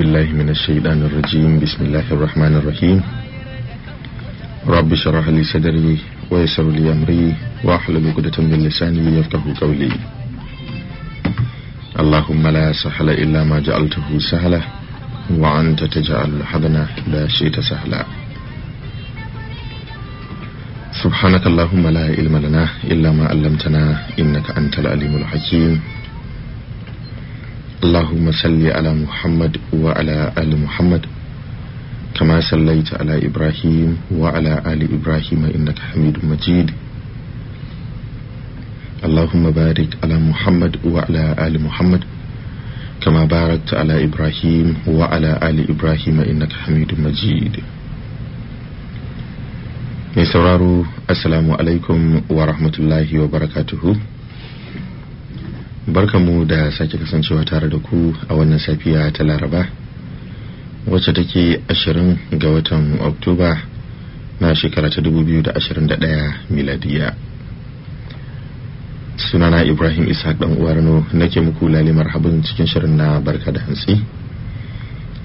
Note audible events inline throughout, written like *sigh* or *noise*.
بالله من الشيطان الرجيم بسم الله الرحمن الرحيم رب شرح لي صدري ويسر لي أمري وأحلل عقدة من لساني يفقه قولي اللهم لا سهل إلا ما جعلته سهلا وأنت تجعل الحزن إذا شئت سهلا سبحانك اللهم لا علم لنا إلا ما علمتنا إنك أنت العليم الحكيم اللهم صل على محمد وعلى آل محمد كما صليت على إبراهيم وعلى آل إبراهيم إنك حميد مجيد اللهم بارك على محمد وعلى آل محمد كما باركت على إبراهيم وعلى آل إبراهيم إنك حميد مجيد mai sauraro assalamu alaikum wa rahmatullahi wa barakatuhu barkamu da sake kasancewa tare da ku a wannan safiya ta laraba wacce take 20 ga watan oktoba na shekara ta 2021 miladiya sunana ibrahim isa dan uwarno nake muku lalimar habin cikin shirin na barka da hantsi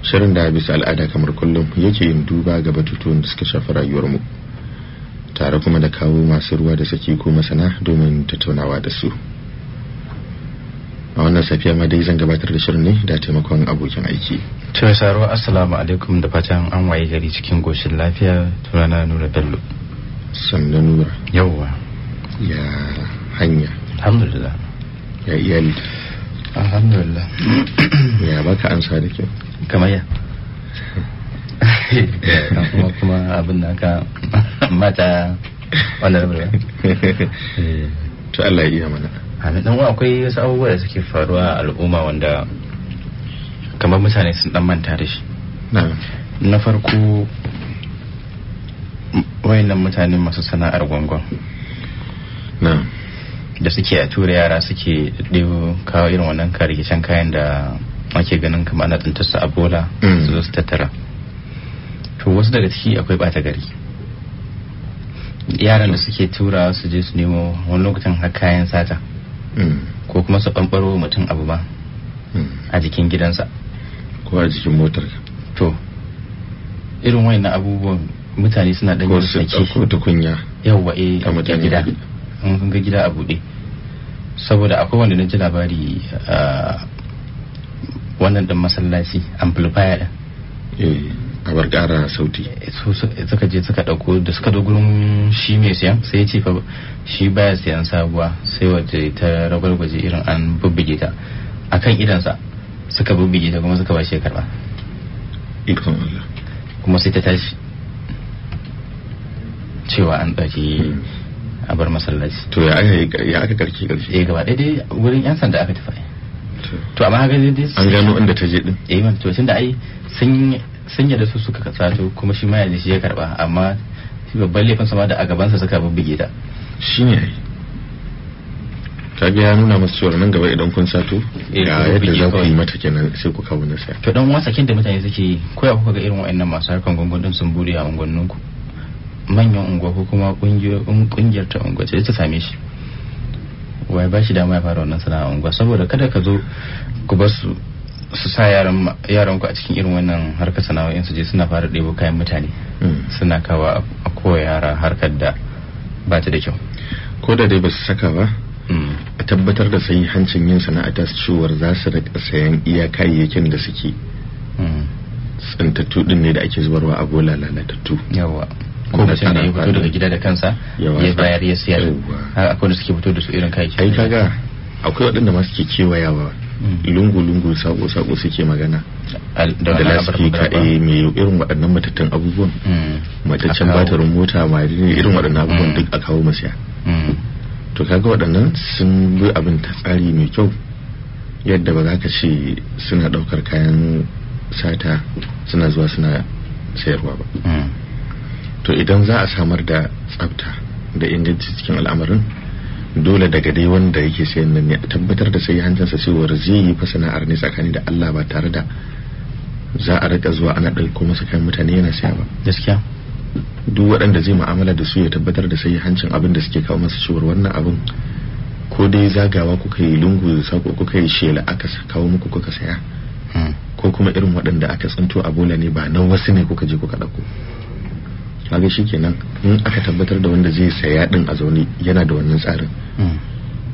shirin da bisa al'ada kamar kullum yake yin duba ga batutuwan da suka shafi rayuwarmu tare kuma da kawo masu ruwa da saki ko masana domin tattaunawa da su a wannan safiya ma dai zan gabatar da shirin ne da taimakon abokin aiki to saro assalamu alaikum da fatan an waye gari cikin goshin lafiya tunana nura bello sannan nura yawwa ya hanya alhamdulillah ya iyali alhamdulillah ya baka ansa da kyau kamar ya *laughs* kuma kuma abin da ka mata wannan *laughs* to Allah ya iya mana amin dan akwai wasu abubuwa da suke faruwa a al'umma wanda kamar mutane sun dan manta da shi na farko wayannan mutane masu sana'ar gwangwan da suke a tura yara suke ɗebo kawo irin wannan karikicen kayan da ake ganin kama ana tsintarsa a bola mm. su zo su tattara to wasu daga ciki akwai bata gari yaran da suke tura su je su nemo wani lokacin har kayan sata Hmm. ko kuma su ɓanɓaro mutum abu ba hmm. a jikin gidansa ko a jikin motar to irin na abubuwan mutane suna ɗan yin sake ko tukunya yawwa eh a gida ga gida a buɗe saboda akwai wanda na ji labari ah, wannan dan masallaci amplifier din eh. abar kara sauti eh, eh, suka je suka dauko da suka da gurin shi mai siyan sai ce fa shi baya siyan sabuwa sai wace ta ragwargwaje irin an bubbuge ta akan idansa suka bubbuge ta kuma suka ba shi ya karba kuma sai ta tashi cewa an ɗauki hmm. a bar masallaci to ya aka karki karshe eh gaba dai wurin yan sanda aka tafi to amma haka dai an gano inda ta je din eh man to tunda ai sun sun yadda su suka sato kuma shi ma yadda shi ya karba amma babban laifin sama da a gaban sa suka bubbuge ta shi ne ta ga ya nuna masu cewa nan gaba idan kun sato eh, ga yadda za ku yi mata kenan sai ku kawo nasa to dan wasa kin da mutane suke koya kuka ga irin wa'annan masu harkan gungun din sun bude a unguwannin ku manyan unguwa ko kuma kungiyar ta unguwa ce ta same shi wai ba shi dama ya fara wannan sana'a unguwa saboda kada ka zo ku bar su su sa yaran yaran ku a cikin irin wannan harkar sana'o'in su je suna fara ɗebo kayan mutane hmm. suna kawa a koya yara harkar da ba ta da kyau ko da dai ba su saka ba hmm. a tabbatar da sayi hancin yin sana'a ta cewar za su rika sayan iya kayayyakin da suke hmm. tsintattu din ne da ake zubarwa a bola lalatattu yawa ko mutum da ya fito daga gida da kansa ya bayar ya siyar akwai da suke fito da su irin kayayyakin ai kaga akwai waɗanda ke suke kewayawa Mm. lungu-lungu sako-sako suke magana da lasfika a mai irin waɗannan matattun abubuwan mm. mataccen batarin mota ma ne irin waɗannan abubuwan mm. duk a kawo masaya to kaga waɗannan sun bi abin ta tsari mai kyau yadda ba za ka ce suna ɗaukar kayan sata suna zuwa suna sayarwa ba to idan za a samar da tsafta da inganci cikin al'amarin dole daga dai wanda yake sayan nan ne a tabbatar da sai hancinsa cewar zai yi fasana'ar ne tsakani da Allah ba tare da za a rika zuwa ana ɗauko masa kayan mutane yana saya ba gaskiya duk waɗanda zai mu'amala da su ya tabbatar da sai hancin abin da suke kawo masa cewar wannan abin ko dai zagawa kuka yi lungu sako kuka yi shela aka kawo muku kuka saya hmm. ko kuma irin waɗanda aka tsinto a bola ne ba nan wasu ne kuka je kuka ɗauko kaga kenan in aka tabbatar da wanda zai saya din a zaune yana da wannan tsarin mm.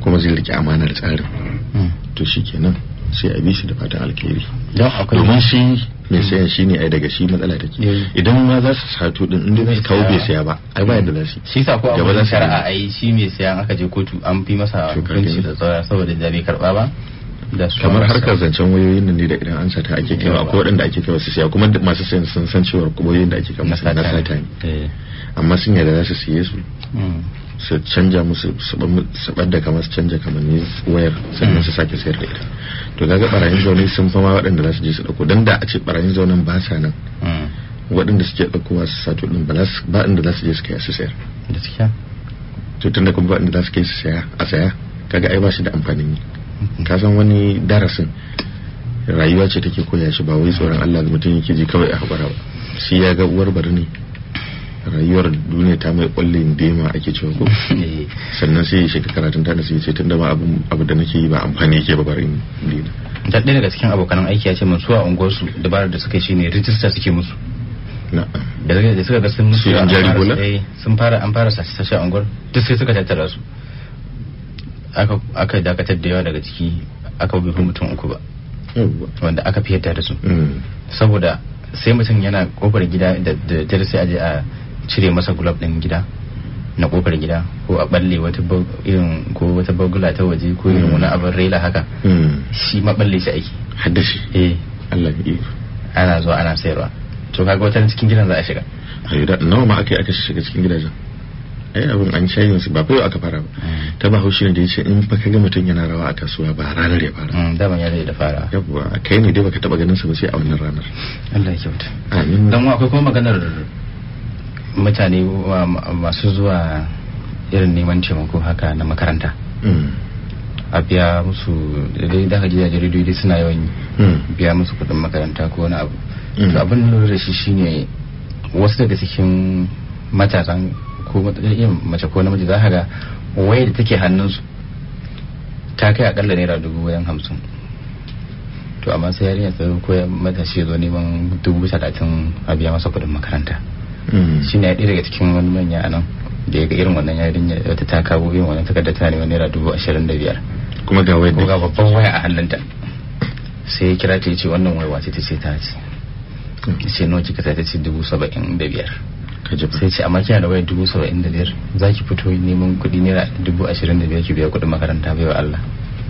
kuma zai rike amanar tsarin mm. to shi kenan sai a bishi da fatan alkhairi domin shi mai sayan shi ne ai daga shi matsala take eh. idan ma za su sato din inda za su kawo bai saya ba ai ba yadda za su shi sa ko abu shari'a ai shi mai sayan aka je kotu an fi masa hukunci da tsara saboda da bai karba ba kamar harkar zancen wayoyin nan ne da idan an sata ake kewa akwai waɗanda ake kewa su siya kuma masu sayan sun san cewa wayoyin da ake kaiwa na sata ne eh. amma sun yarda za su siye su hmm. su canja musu su da kamar su canja ne wayar sannan hmm. su sake sayar da ita to kaga barayin zaune sun fama waɗanda za su je su ɗauko don da a ce barayin zaunen ba sa nan hmm. waɗanda suke ɗaukowa su sato ɗin ba inda za su je su kai su sayar to tun da kuma ba inda za su kai su saya a saya kaga ai ba shi da amfanin yi ka san wani darasin rayuwa ce take koya shi ba wai tsoron Allah da mutum yake ji kawai a hakura ba shi ya ga uwar barni ne rayuwar duniya ta mai kwallin dema ake cewa ko eh. sannan sai ya shiga karatun ta sai ya ce tunda ma abu da nake yi ba amfani yake ba barin dina da ɗaya daga cikin abokan aiki ya ce mun suwa unguwarsu dabarar da suka ne rijista suke musu da suka ga sun musu eh, sun fara an fara sashi-sashi a unguwar duk sai suka tattara su aka dakatar da yawa daga ciki aka bi mutum uku ba wanda aka fi yadda da su mm. saboda sai mutum yana kofar gida da dare sai aje a cire masa gulab din gida na kofar gida ko a balle wata irin ko wata bagula ta waje ko irin wani mm. abin rela haka mm. shi ma balle shi aiki haddashi eh Allah ya ana zuwa ana sayarwa to kaga wata cikin gidan za a shiga nawa ma aka yi aka shiga cikin gidajen ai eh, abin an sha su ba fa aka fara ba hmm. ta ba haushi ne da yace in fa kaga mutum yana rawa a kasuwa ba ranar ya fara hmm, da ban yana da fara yabba kai ne dai baka taba ganin sa ba sai a wannan ranar Allah ya kyauta amin dan akwai kuma maganar mutane masu zuwa irin neman taimako haka na makaranta hmm. a biya musu da da jiya jaridu dai suna yawan biya musu kudin makaranta ko wani abu to abin da shi shine wasu daga cikin matasan ko eh, mace ko namiji za ga waya da take hannunsu ta kai akalla naira dubu wayan hamsin to amma sai yarinya ta ko matashi ya zo neman dubu talatin a biya masa kuɗin makaranta hmm. shi ne ɗaya daga cikin wani manya a nan da ya ga irin wannan yarinya wata ta kawo wani ta kadda tana neman naira dubu ashirin da biyar kuma ga waya ga babban waya a hannunta sai ya kira ta ya ce wannan waya wace ta ce ta ce hmm. ce nawa kika ta ce dubu saba'in da biyar sai ce amma kina da wayar dubu saba'in da biyar za ki fito neman kuɗi naira dubu ashirin da biyar ki biya kuɗin makaranta bai wa Allah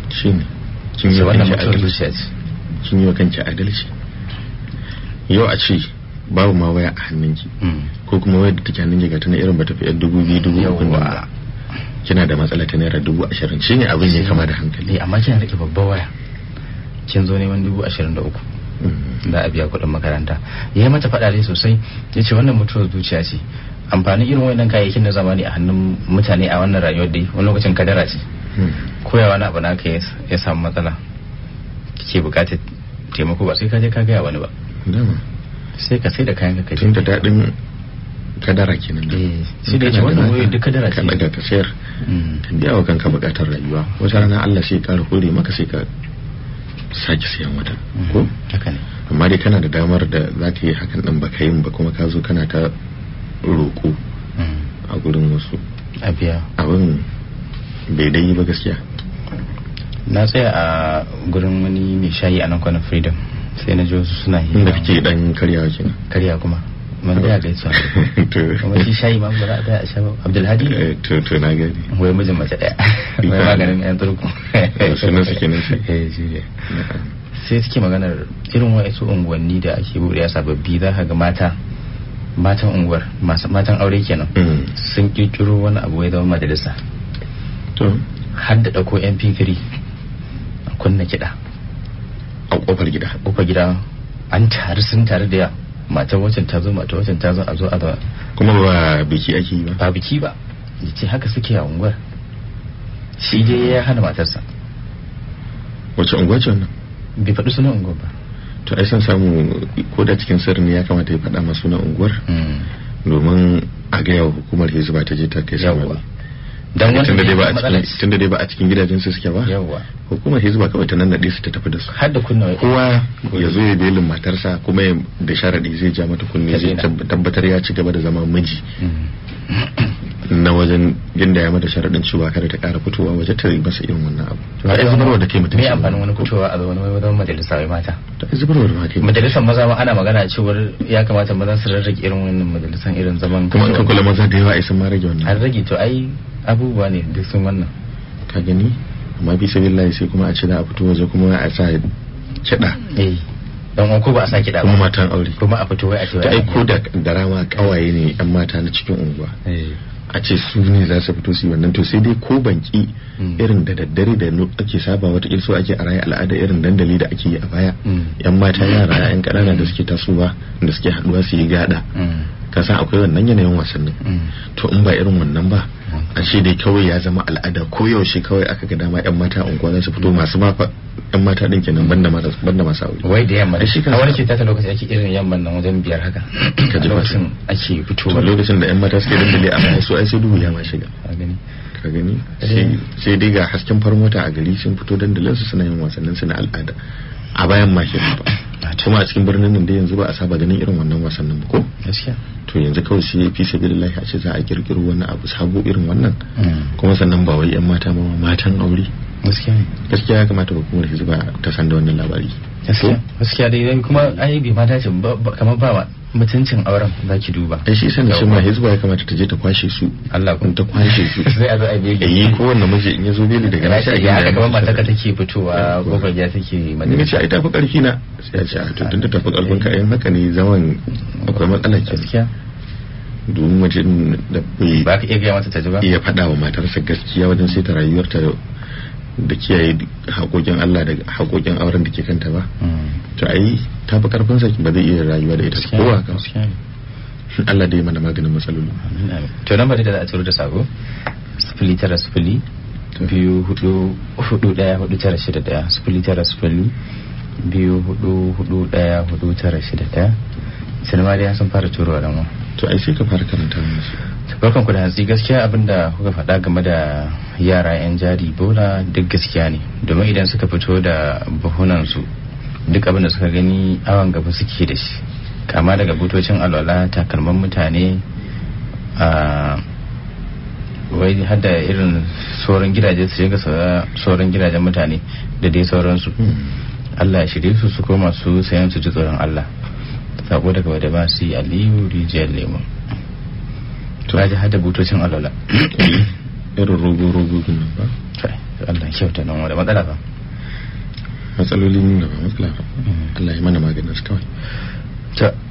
shi ne kin yi wannan mutuwar zuciya ce kin yi wa a adalci yau a ce babu ma waya a hannunki hmm. ko kuma wayar da take hannunki ga tana irin bata fi yar dubu biyu dubu uku ba kina da matsala ta naira dubu ashirin shi ne abin ya kama da hankali eh, amma kina rike babbar waya kin zo neman dubu ashirin da uku da a biya kuɗin makaranta ya yi mata faɗa dai sosai ya ce wannan mutuwar zuciya ce amfanin irin wannan kayayyakin na zamani a hannun mutane a wannan rayuwar dai wani lokacin kadara ce hmm. Koyawa na abu ka ya samu matsala ke bukatar taimako ba sai ka je ka gaya wani ba sai ka sai da kayan ka tun da daɗin kadara kenan eh, da sai da yace wannan wayar duk kadara ce ka daga ka sayar hmm. ka biya wa kanka bukatar rayuwa wata rana Allah sai ya kara hore maka sai ka sake siyan wata ko amma dai kana da damar da za ka yi hakan din baka yin ba kuma ka zo kana ta roƙo mm. a gurin wasu abin bai dai yi ba gaskiya na tsaya a gurin wani mai shayi a nan kwanan freedom sai na ji wasu suna yi inda kake dan karyawa karya kuma man da gaisuwa to kuma shi shayi ma ba da a sha Abdulhadi to to na gani wai mijin mace daya wai maganin yan turku shi ne suke ne shi eh shi ne sai suke maganar irin wasu unguwanni da ake buɗe sababbi za ka ga mata matan unguwar matan aure kenan sun kirkiro wani abu ya zama majalisa to har da ɗauko mp3 a kunna kiɗa a ƙofar gida ƙofar gida an tare sun tare da yawa Mata wacan ta zo mata wacan ta zo a zo a da kuma ba biki ake yi ba ba biki ba ya ce haka suke a unguwar shi dai ya hana matarsa wace unguwa ce wannan bai faɗi sunan unguwar ba to ai san samu ko da cikin sirri ne ya kamata ya faɗa ma sunan unguwar hmm. domin a ga yawa hukumar hizba ta je ta kai sabari dan wani tunda dai ba a cikin tunda dai ba a cikin gidajen su suke ba yawa hukumar hizba kawai ta nannade su ta tafi da su har da kunna kowa ya zo ya belin matarsa kuma ya da sharadi zai ja mata kunne zai tabbatar ya ci gaba da zama miji mm. na wajen ginda ya mata sharaɗin cewa kada ta ƙara fitowa waje ta masa irin wannan abu zubarwa da mutum me amfanin wani fitowa a wani wajen majalisa wai mata zubarwa da majalisar maza ma ana magana cewar ya kamata mazan su rarrage irin wannan majalisan irin zaman kuma ka maza da yawa ai ma rage wannan an rage to ai abubuwa ne duk sun wannan ka gani amma bisa billahi sai kuma a ce da a fito waje kuma a sa kiɗa eh. dan ko ba a sake da kuma matan aure kuma a fito wai a ce ai aiko da darawa rama kawaye ne yan mata na cikin unguwa eh. a ce su ne za su fito su wannan to sai dai ko banki hmm. irin da daddare da ake saba wata irso ake a raya al'ada irin dandali da ake yi a baya yan hmm. mata yara yan kanana da suke tasowa da suke haɗuwa su yi gada hmm. ka san akwai wannan yanayin wasannin mm. to in ba irin wannan ba mm. a shi dai kawai ya zama al'ada ko yaushe kawai aka ga dama yan mata unguwa za su fito masu ma yan mata din kenan banda masu masu aure wai da yamma shi kan wani ta lokaci ake irin yamman nan wajen biyar haka ka ji lokacin ake To lokacin da yan mata suke dandale amma *coughs* su ai sai duhu ya ma shiga ka gani eh. sai dai ga hasken farmota a gari sun fito dandalin su suna yin wasannin su na al'ada a bayan ma shi ba kuma a cikin birnin nan da yanzu ba a saba ganin irin wannan wasannin ba ko gaskiya to yanzu kawai sai fi sabilillahi a ce za a kirkiro wani abu sabo irin wannan mm. kuma sannan ba wai yan mata ba matan aure gaskiya gaskiya ya kamata hukumar ba ta san da wannan labari gaskiya gaskiya dai kuma ai bai mata ce kamar ba mutuncin auren za ki duba da shi sanin shi ma hizba ya kamata ta je ta kwashe su Allah kun ta kwashe su *laughs* sai a zo a bege ko eh, kowanne miji in ya zo bele daga shi a gida haka kamar matar take fitowa ko ya take madani Mace ce ai tafi karfi na sai a ce a ah, to tunda tafi karfin ka ayin haka ne zaman akwai matsala ke gaskiya domin mace da ba ka iya ga mata ta ji ba iya fada wa matarsa gaskiya wajen sai ta rayuwarta da kiyaye haƙoƙin Allah da haƙoƙin auren da ke kanta ba hmm. to ai ta fi karfin sa ba zai iya rayuwa da ita kowa kan Allah da ya mana maganin matsaloli to lambar da za a turo da sabo sifili tara sifili biyu hudu hudu daya hudu tara shida daya sifili tara sifili biyu hudu hudu daya hudu tara shida daya sinima dai sun fara turowa da mu to ai sai ka fara karanta musu barkan ku da hantsi gaskiya abin da kuka faɗa game da yara yan jari bola duk gaskiya ne domin idan suka fito da buhunansu duk abin da suka gani awan gaba suke da shi kama daga butocin alwala takalman mutane a wai hada irin sauran gidaje su shiga sauran gidajen mutane da dai sauransu hmm. Allah ya shirye su su koma su sayan su ji tsoron Allah sako daga wadda ba su yi aliyu rijiyar lemo to *coughs* ya ji hada butocin alola irin rogo-rogo ginin ba Allah kyauta nan wadda matsala ba Matsaloli nuna ba matsala ba mm. Allah ya mana maganar kawai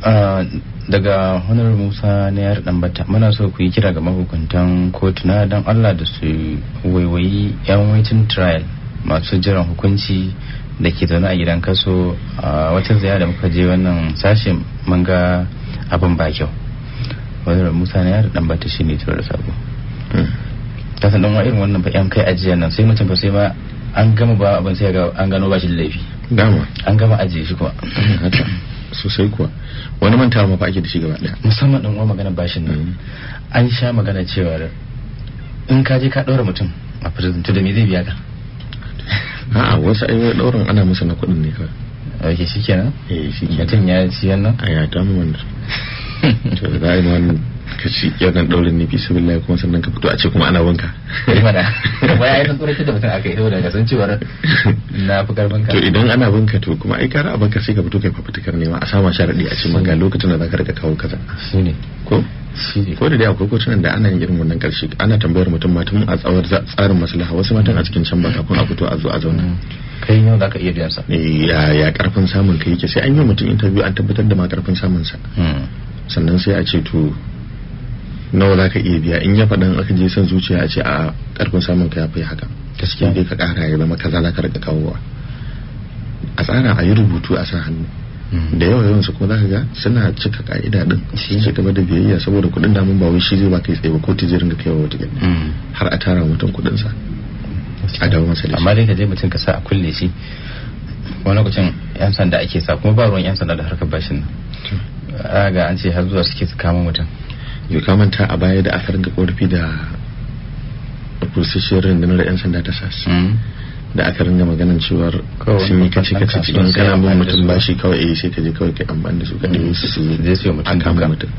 ah, daga honar musa na yar Bata muna so ku yi kira ga mahukuntan kotuna don allah da su waiwayi yan waitin trial masu jiran hukunci da ke zaune a gidan kaso a wata ziyara da muka je wannan sashen mun ga abin ba kyau wani da musa na yara dan bata shi ne tura da sabo hmm. ta san dan irin wannan bayan kai ajiyar nan sai mutum ba sai ma an gama ba abin sai ga an gano ba shi laifi dama an gama ajiye shi kuma hmm, sosai kuwa wani manta ma fa ake da shi gaba daya musamman dan uwa magana bashin nan hmm. an sha magana cewa in ka je ka ɗora mutum a prison to da me zai biya ka a wasu ayyuka daurin ana musu na kudin ne kawai ok shi kenan? eh shi kenan mutum ya ci yannan? a ya damu wannan *laughs* to za a yi wannan ka ci yakan daurin ne fi billahi kuma sannan ka fito a ce kuma ana wanka mana waya ai san tsoratar da mutum aka yi saboda ga san cewar na fi karfin ka to idan ana wanka to kuma ai kara abanka sai ka fito kai fafutukar nema a sama sharadi a ce man ga lokacin da zaka rika kawo kaza shine ko ko da dai akwai kotunan da ana yin irin wannan karshe ana tambayar mutum matan a tsawar tsarin maslaha wasu matan a cikin can ba kafin a fito a zo a zauna mm. kai yau za ka iya biyan sa eh, ya ya karfin samun kai yake sai an yi mutum interview an tabbatar da ma karfin samun sa mm. sannan sai a ce to nawa za ka iya biya in ya faɗin aka je son zuciya a ce a ƙarfin samun ka ya fi haka gaskiya dai ka ƙara ya zama kaza za ka rika kawowa a tsara a yi rubutu a san hannu hmm. da yawa yawan su ko za ka ga suna cika ka'ida din shi ce gaba da biyayya saboda kuɗin damun ba wai shi zai baka tsaye ba ko ta zai ringa kaiwa wata gani hmm. har a tara mutum kuɗin sa a dawo masa da shi amma dai ka je mutum ka sa a kulle shi wani lokacin yan sanda ake sa kuma ba ruwan yan sanda da harkar bashin nan hmm. ga an ce har zuwa suke su kama mutum bai kamanta a baya da aka rinka korafi da kursashen rundunar 'yan sanda ta sas da aka ringa maganin cewa sun yi kace kace cikin kana bin mutum ba shi kawai eh, sai ka je kawai ka amfani da su ka dinga su su zai su mutum ka kama mutum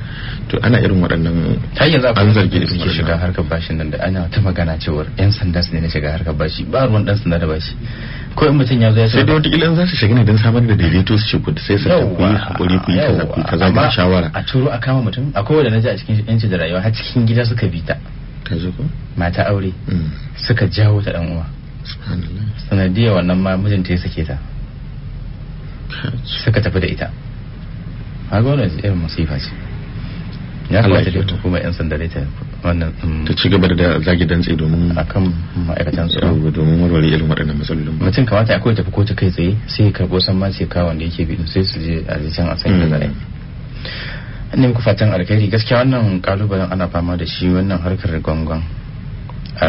to ana irin waɗannan har yanzu an zargi da suke shiga harkar bashin nan da ana ta magana cewa yan sanda su ne na shiga harkar bashi ba ruwan dan sanda da bashi ko in mutum ya zo ya sai da wataƙila za su shiga ne don samar da daidaito su ce ku sai su ku yi hakuri ku yi kaza ku yi kaza ba shawara a turo a kama mutum akwai wanda na ji a cikin yanci da rayuwa har cikin gida suka bi ta mata aure mm. suka jawo ta dan uwa sanadiya wannan ma mijinta ya sake ta suka tafi da ita a gona irin masifa ce ya kamata da kuma yan sanda da ta wannan mm, ta ci gaba da zagi dantse domin A kan ma'aikatan su. abu domin warware irin waɗannan matsalolin ba mutum kamata akwai tafi kotu kai tsaye sai ya karɓo san ma ce kawon da yake bidu sai su je a zicen a sanya da za'a ne muku fatan alkhairi gaskiya wannan kalubalen ana fama da shi wannan harkar gwangwan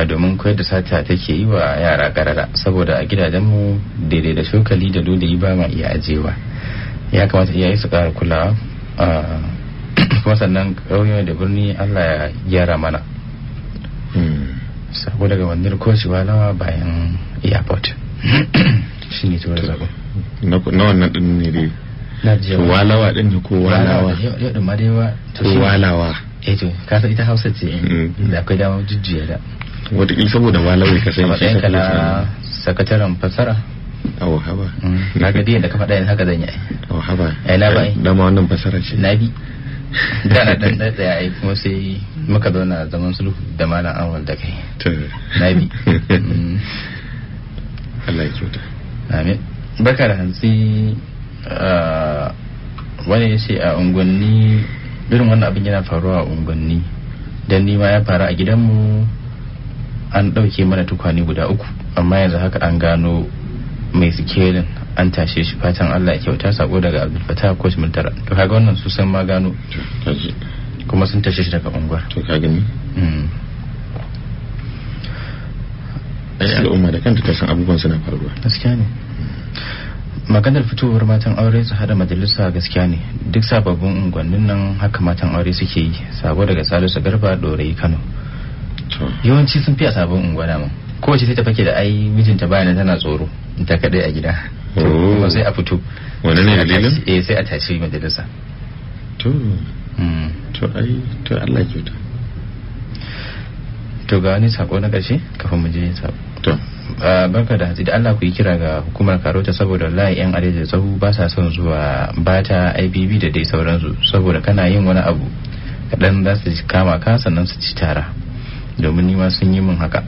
domin koyar da sata take yi wa yara karara saboda a gidajenmu daidai da shokali da dole ba ma iya ajewa ya kamata iyaye su kara kulawa *clears throat* kuma sannan ƙauyen da birni allah ya gyara mana hmm. saboda daga wandar koci walawa bayan airport *clears throat* shi ne tuwar zaɓo na wannan ɗin ne dai walawa ɗin ne ko walawa yau da marewa dai walawa eh to ita hausa ce hmm. da akwai damar jujjuya da wataƙil saboda malawai ka sai matsayin ka na sakataren fasara. awo haba mm. na ga da ka faɗa yanzu haka zan yi awo haba ai eh, na bai eh, ma wannan fasara ce na bi da na dan tsaya ai kuma sai muka zauna zaman sulhu da malam anwal da kai na bi *laughs* mm. Allah ya kyauta amin baka da hantsi wani ya ce a unguwanni irin wannan abin yana faruwa a unguwanni don nima ya faru a gidanmu an ɗauke mana tukwane guda uku amma yanzu haka an gano mai sikelin an tashe shi fatan allah ya kyauta sako daga ko shi mintara to kaga wannan su san ma gano kuma sun tashe shi daga unguwar to ka gani hmm. al'umma da kanta ta san abubuwan suna faruwa gaskiya ne maganar fitowar matan aure su hada majalisa gaskiya ne duk sababbin unguwannin nan haka matan aure suke yi sabo daga salisu garba dorayi kano yawanci sun fiya sabon unguwa dama kowace sai ta fake da ai mijinta bayan tana tsoro ta kadai a gida oh. kuma sai a fito wani ne dalilin eh sai a tashi majalisa to hmm. to ai to Allah kyauta to ga wani sako na karshe kafin mu je sako to ah, barka da hatsi da Allah ku yi kira ga hukumar karota saboda wallahi yan arewa zahu ba sa son zuwa bata IBB da dai sauransu saboda kana yin wani abu kaɗan za su kama ka sannan su ci tara domin nima sun yi min haka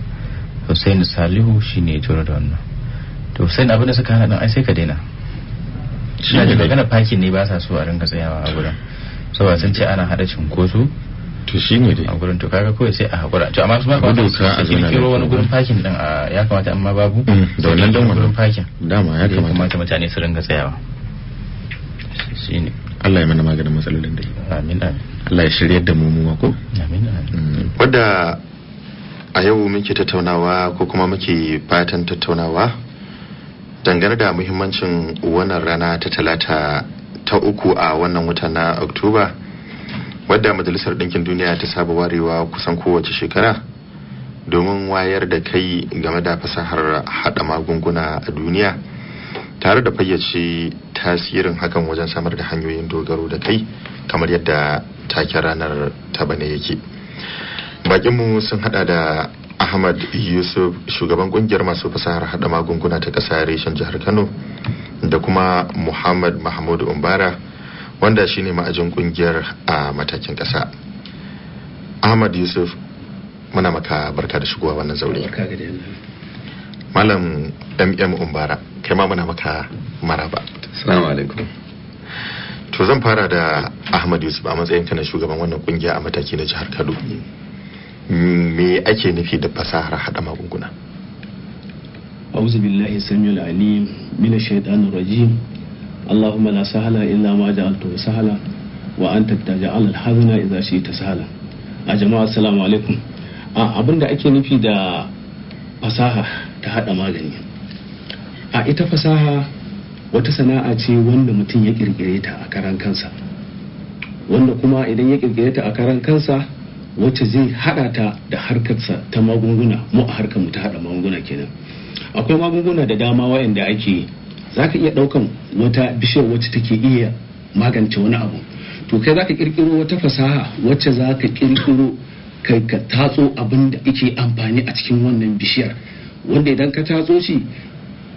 Hussein Salihu shine ya turo da wannan to Hussein abin da suka hana dan ai sai ka daina shi da magana fakin ne ba sa so a ringa tsayawa a gurin saboda sun ce ana hada cinkoso to shi ne dai a gurin to kaga kawai sai a hakura to amma kuma kamata su kiro wani gurin parking din ya kamata amma babu mm, da wannan dan gurin parking dama ya kamata mutane su ringa tsayawa shine Allah ya mana maganin matsalolin dai amin amin Allah ya shirya da mu mu ko amin amin wanda mm. a yau muke tattaunawa ko kuma muke fatan tattaunawa dangane da muhimmancin wannan rana ta talata ta uku a wannan wata na oktoba wadda majalisar ɗinkin duniya ta saba warewa kusan kowace shekara domin wayar da kai game da fasahar hada magunguna a duniya tare da fayyace tasirin hakan wajen samar da hanyoyin dogaro da kai kamar yadda take ranar ta bane yake mu sun hada da ahmad yusuf shugaban kungiyar masu fasahar hada magunguna ta kasa reshen jihar kano da kuma muhammad mahmud umbara wanda shine ma'ajin kungiyar a matakin kasa ahmad yusuf muna maka barka da shigowa wannan zaure malam mm umbara kai ma muna maka maraba salamu alaikum to zan fara da ahmad yusuf a matsayin kana shugaban wannan kungiya a mataki na jihar kano mm. me ake nufi da fasahar hada magunguna a'udhu billahi samiyul alim min shaitanir rajim allahumma la sahala illa ma ja'altu sahala wa anta taj'al al-hazna idha shi'ta sahala a jama'a assalamu alaikum abinda ake nufi da fasaha ta hada magani a ita fasaha wata sana'a ce wanda mutum ya kirkire ta a karan kansa wanda kuma idan ya kirkire ta a karan kansa wacce zai haɗa ta da harkarsa ta magunguna mu a harkar mu ta haɗa magunguna kenan akwai magunguna da dama wayanda ake zaka iya ɗaukan wata bishiyar wacce take iya magance wani abu to kai zaka kirkiro wata fasaha wacce zaka kirkiro kai ka tatso abin da ake amfani a cikin wannan bishiyar wanda idan ka tatso shi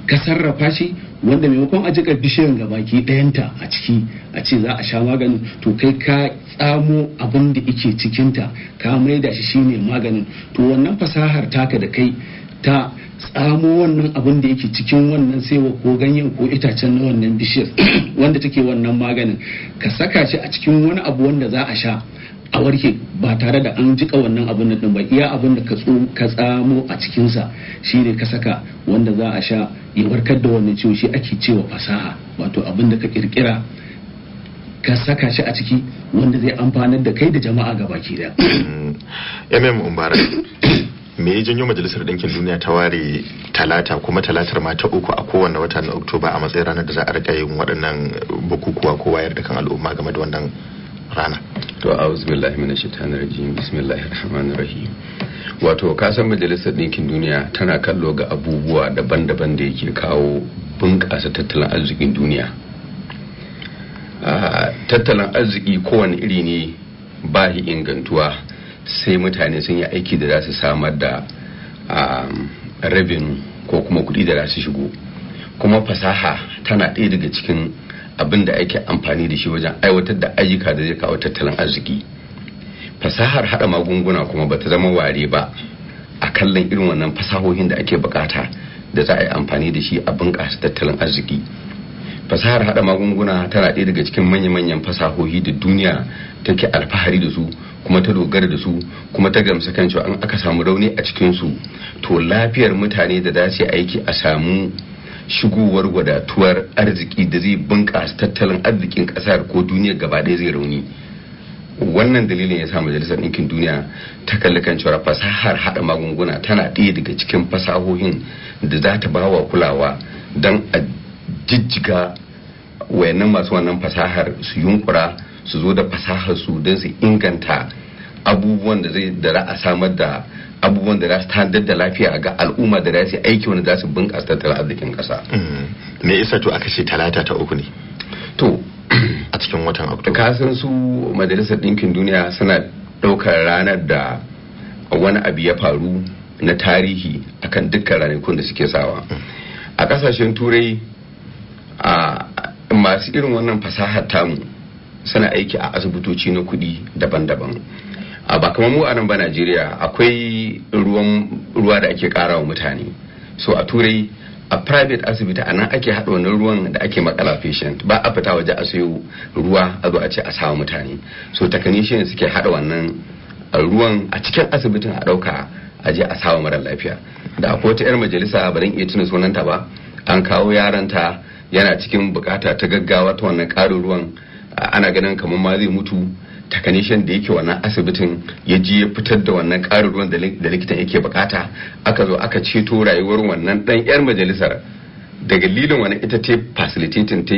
ka sarrafa shi wanda maimakon a jika bishiyar ga baki ɗayanta a ciki a ce za a sha maganin to kai ka tsamo abin da ike cikinta ka maida shi shine maganin to wannan fasahar taka da kai ta tsamo wannan abin da yake cikin wannan saiwa ko ganyen ko itacen na wannan bishiyar *coughs* wanda take wannan maganin ka saka shi a cikin wani abu wanda za a sha a warke ba tare da an jika wannan abin nan ba iya abin da ka tsamo a cikinsa shine ka saka wanda za a sha ya warkar da wannan ciwo shi ake cewa fasaha wato abin da ka kirkira ka saka shi a ciki wanda zai amfanar da kai da jama'a ga baki daya mm mubarak me ya janyo majalisar ɗinkin duniya ta ware talata kuma talatar ma ta uku a kowane wata na oktoba a matsayin ranar da za a rika yin waɗannan bukukuwa ko wayar da kan al'umma game da wannan rana to billahi minash shaitanir rajim bismillahir rahmanir rahim wato kasan majalisar ɗinkin duniya tana kallo ga abubuwa daban-daban da yake kawo bunƙasa tattalin arzikin duniya tattalin arziki kowane iri ne ba shi ingantuwa sai mutane sun yi aiki da za su samar da rabin ko kuma kuɗi da za su shigo kuma fasaha tana ɗaya daga cikin abin da ake amfani da shi wajen aiwatar da ayyuka da zai kawo tattalin arziki fasahar hada magunguna kuma bata zama ware ba a kallon irin wannan fasahohin da ake bukata da za a yi amfani da shi a bunkasa tattalin arziki fasahar hada magunguna tana ɗaya daga cikin manya-manyan fasahohi da duniya take alfahari da su kuma ta dogara da su kuma ta gamsa kan cewa an aka samu rauni a cikin su to lafiyar mutane da za su aiki a samu shigowar wadatuwar arziki da zai bunƙasa tattalin arzikin ƙasar ko duniya gaba ɗaya zai rauni wannan dalilin ya sa majalisar ɗinkin duniya ta kalli kan cewa fasahar haɗa magunguna tana ɗaya daga cikin fasahohin da za ta bawa kulawa don a jijjiga wayannan masu wannan fasahar su yunkura su zo da fasahar su don su inganta abubuwan da zai a samar da abubuwan da za su tanadar da lafiya ga al'umma da za su aiki wanda za su bunƙasa tattalin arzikin ƙasa. Mm. me isa to aka ce talata ta uku ne to a cikin watan oktoba ka su majalisar ɗinkin duniya suna ɗaukar ranar da wani abu ya faru na tarihi akan dukkan ranakun da suke sawa mm. a ƙasashen turai a masu irin wannan fasahar tamu suna aiki a asibitoci na kuɗi daban-daban a ba kamar mu a nan ba najeriya akwai ruwan ruwa da ake kara wa mutane so a turai a private asibiti a nan ake haɗa wannan ruwan da ake makala patient ba a fita waje a sayo ruwa a zo a ce a sawa mutane so technician suke haɗa wannan ruwan a cikin asibitin a ɗauka a je a sawa mara lafiya da akwai wata 'yar majalisa ba zan iya tuna sunanta ba an kawo yaranta yana cikin bukata ta gaggawa ta wannan ƙarin ruwan ana ganin kamar ma zai mutu takanishin da yake wannan asibitin ya ji ya fitar da wannan karin ruwan da likitan yake bukata aka zo aka ceto rayuwar wannan dan yar majalisar daga lilin wannan ita ta facilitating ta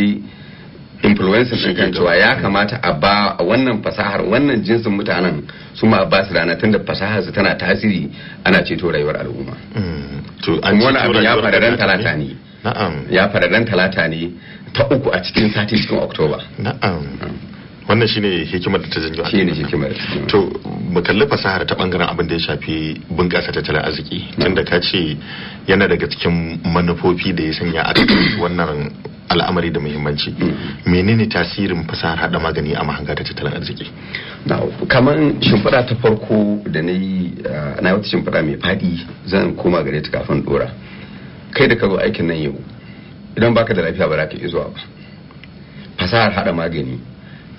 influencer din kan ya kamata a ba wannan fasahar wannan jinsin mutanen su ma ba su rana tunda fasahar su tana tasiri ana ceto rayuwar al'umma mm. an ceto ya fararen talata ne ya talata ne ta uku a cikin sati cikin oktoba na'am wannan shine hikimar da ta janyo ne hikimar to mu kalli fasahar ta bangaren abin da ya shafi bunƙasa tattalin arziki tunda ka ce yana daga cikin manufofi da ya sanya aka *coughs* wannan al'amari da muhimmanci mm. menene tasirin fasahar hada magani a mahanga ta tattalin arziki kamar shimfiɗa ta farko da na yi ah, na wata shimfiɗa mai faɗi zan koma gare ta kafin dora kai da ka zo aikin nan yau idan baka da lafiya ba za ka iya zuwa ba fasahar hada magani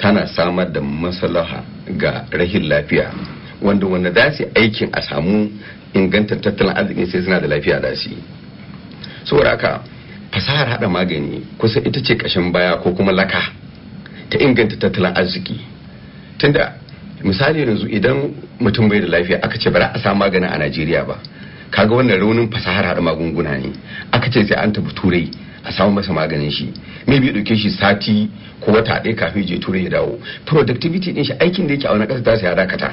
tana samar da masalaha ga rahin lafiya wanda wanda za su aikin a samu ingantar tattalin arziki sai suna da lafiya da su saboda haka fasahar hada magani kusa ita ce kashin baya ko kuma laka ta inganta tattalin arziki tunda misali yanzu idan mutum bai da lafiya aka ce bari a samu magani a najeriya ba kaga wannan raunin fasahar hada magunguna ne aka ce sai an tafi turai a samu masa maganin shi mai bai dauke shi sati ko wata ɗaya kafin je turai ya dawo productivity din shi aikin da yake a wani ƙasa ta ya dakata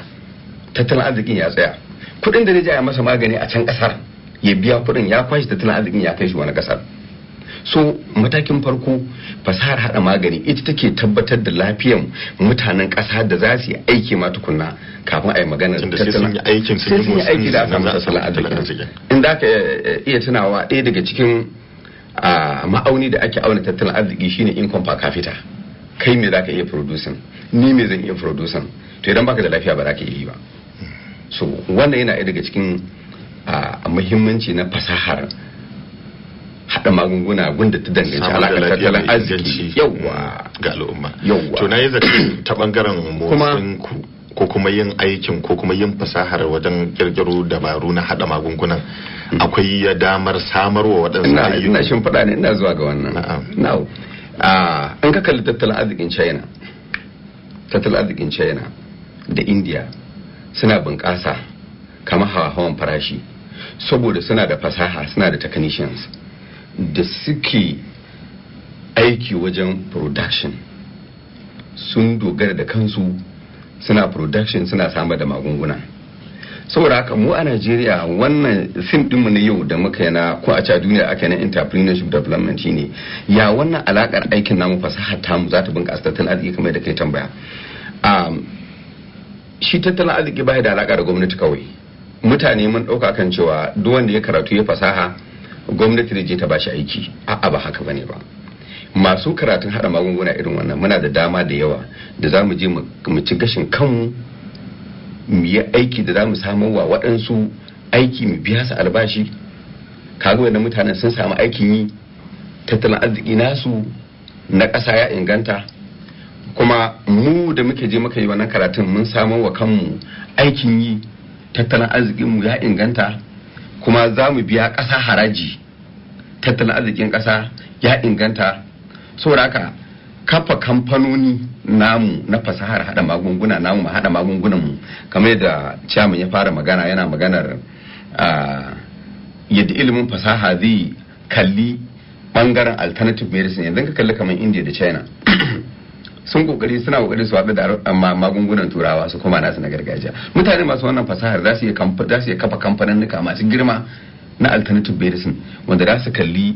tattalin arzikin ya tsaya kuɗin da zai ya masa magani a can ƙasar ya biya kuɗin ya kwashi tattalin arzikin ya kai shi wani ƙasar so matakin farko fasahar hada magani ita take tabbatar da lafiyan mutanen ƙasa da za su yi aiki ma tukunna kafin a yi magana tattalin aiki da aka masa tattalin in iya tunawa ɗaya daga cikin a ma'auni da ake auna tattalin arziki shine income per capita kai me zaka iya producing ni me zan iya producing to idan baka da lafiya ba zaka iya yi ba so wannan yana ɗaya daga cikin muhimmanci na fasahar haɗa magunguna gunda ta danganci alaƙar tattalin arziki yawwa ga al'umma yawwa to na yi zaki ta bangaren motsin ku ko kuma yin aikin ko kuma yin fasahar wajen kirkiro dabaru na hada magungunan hmm. akwai ya damar samarwa waɗansu ayyuka ina shin faɗa ne ina zuwa ga wannan na'am an ah, ka kalli tattalin arzikin china tattalin arzikin china da india suna bunƙasa kamar hawa-hawan farashi saboda suna da fasaha suna da technicians da suke aiki wajen production sun dogara da kansu suna production suna samar da magunguna saboda haka mu a Najeriya wannan sim dinmu na yau da muka yana ko a duniya aka na entrepreneurship development shine ya wannan alakar aikin namu fasaha ta za ta bunƙasa tattalin arziki kamar da kai tambaya um, shi tattalin arziki baya da alakar da gwamnati kawai mutane mun ɗauka kan cewa duk wanda ya karatu ya fasaha gwamnati da je ta bashi aiki a'a ba haka bane ba masu karatun hada magunguna irin wannan muna da dama da yawa da za mu je mu ci gashin kanmu mu yi aiki da za mu samu wa waɗansu aiki mu biya su albashi kaga wannan mutanen sun samu aikin yi tattalin arziki nasu na ƙasa ya inganta kuma mu da muke je muka yi wannan karatun mun samu wa kanmu aikin yi tattalin arzikinmu ya inganta kuma za mu biya ƙasa haraji tattalin arzikin ƙasa ya inganta saboda kafa kamfanoni namu na fasahar hada magunguna namu ma hada magungunan mu kamar da chairman ya fara magana yana maganar yadda ilimin fasaha zai kalli bangaren alternative medicine yanzu ka kalli kamar india da china *clears throat* sun kokari suna kokari su haɗu da magungunan turawa su kuma nasu na gargajiya mutane masu wannan fasahar za su iya kafa kamfaninnika masu girma na alternative medicine wanda za su kalli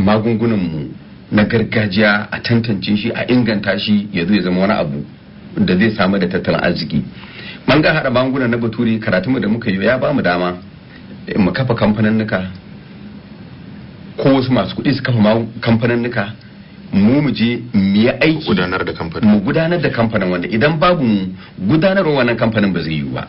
magungunan mu na gargajiya a tantance shi a inganta shi ya zo ya zama wani abu da zai samu da tattalin arziki ga haɗa banguna na bature karatunmu da muka yi ya ba mu dama mu kafa kamfaninnika ko wasu masu kuɗi su kafa kamfaninnika mu mu je mu yi aiki mu gudanar da kamfanin wanda idan babu mu gudanarwa wannan kamfanin ba zai yiwu ba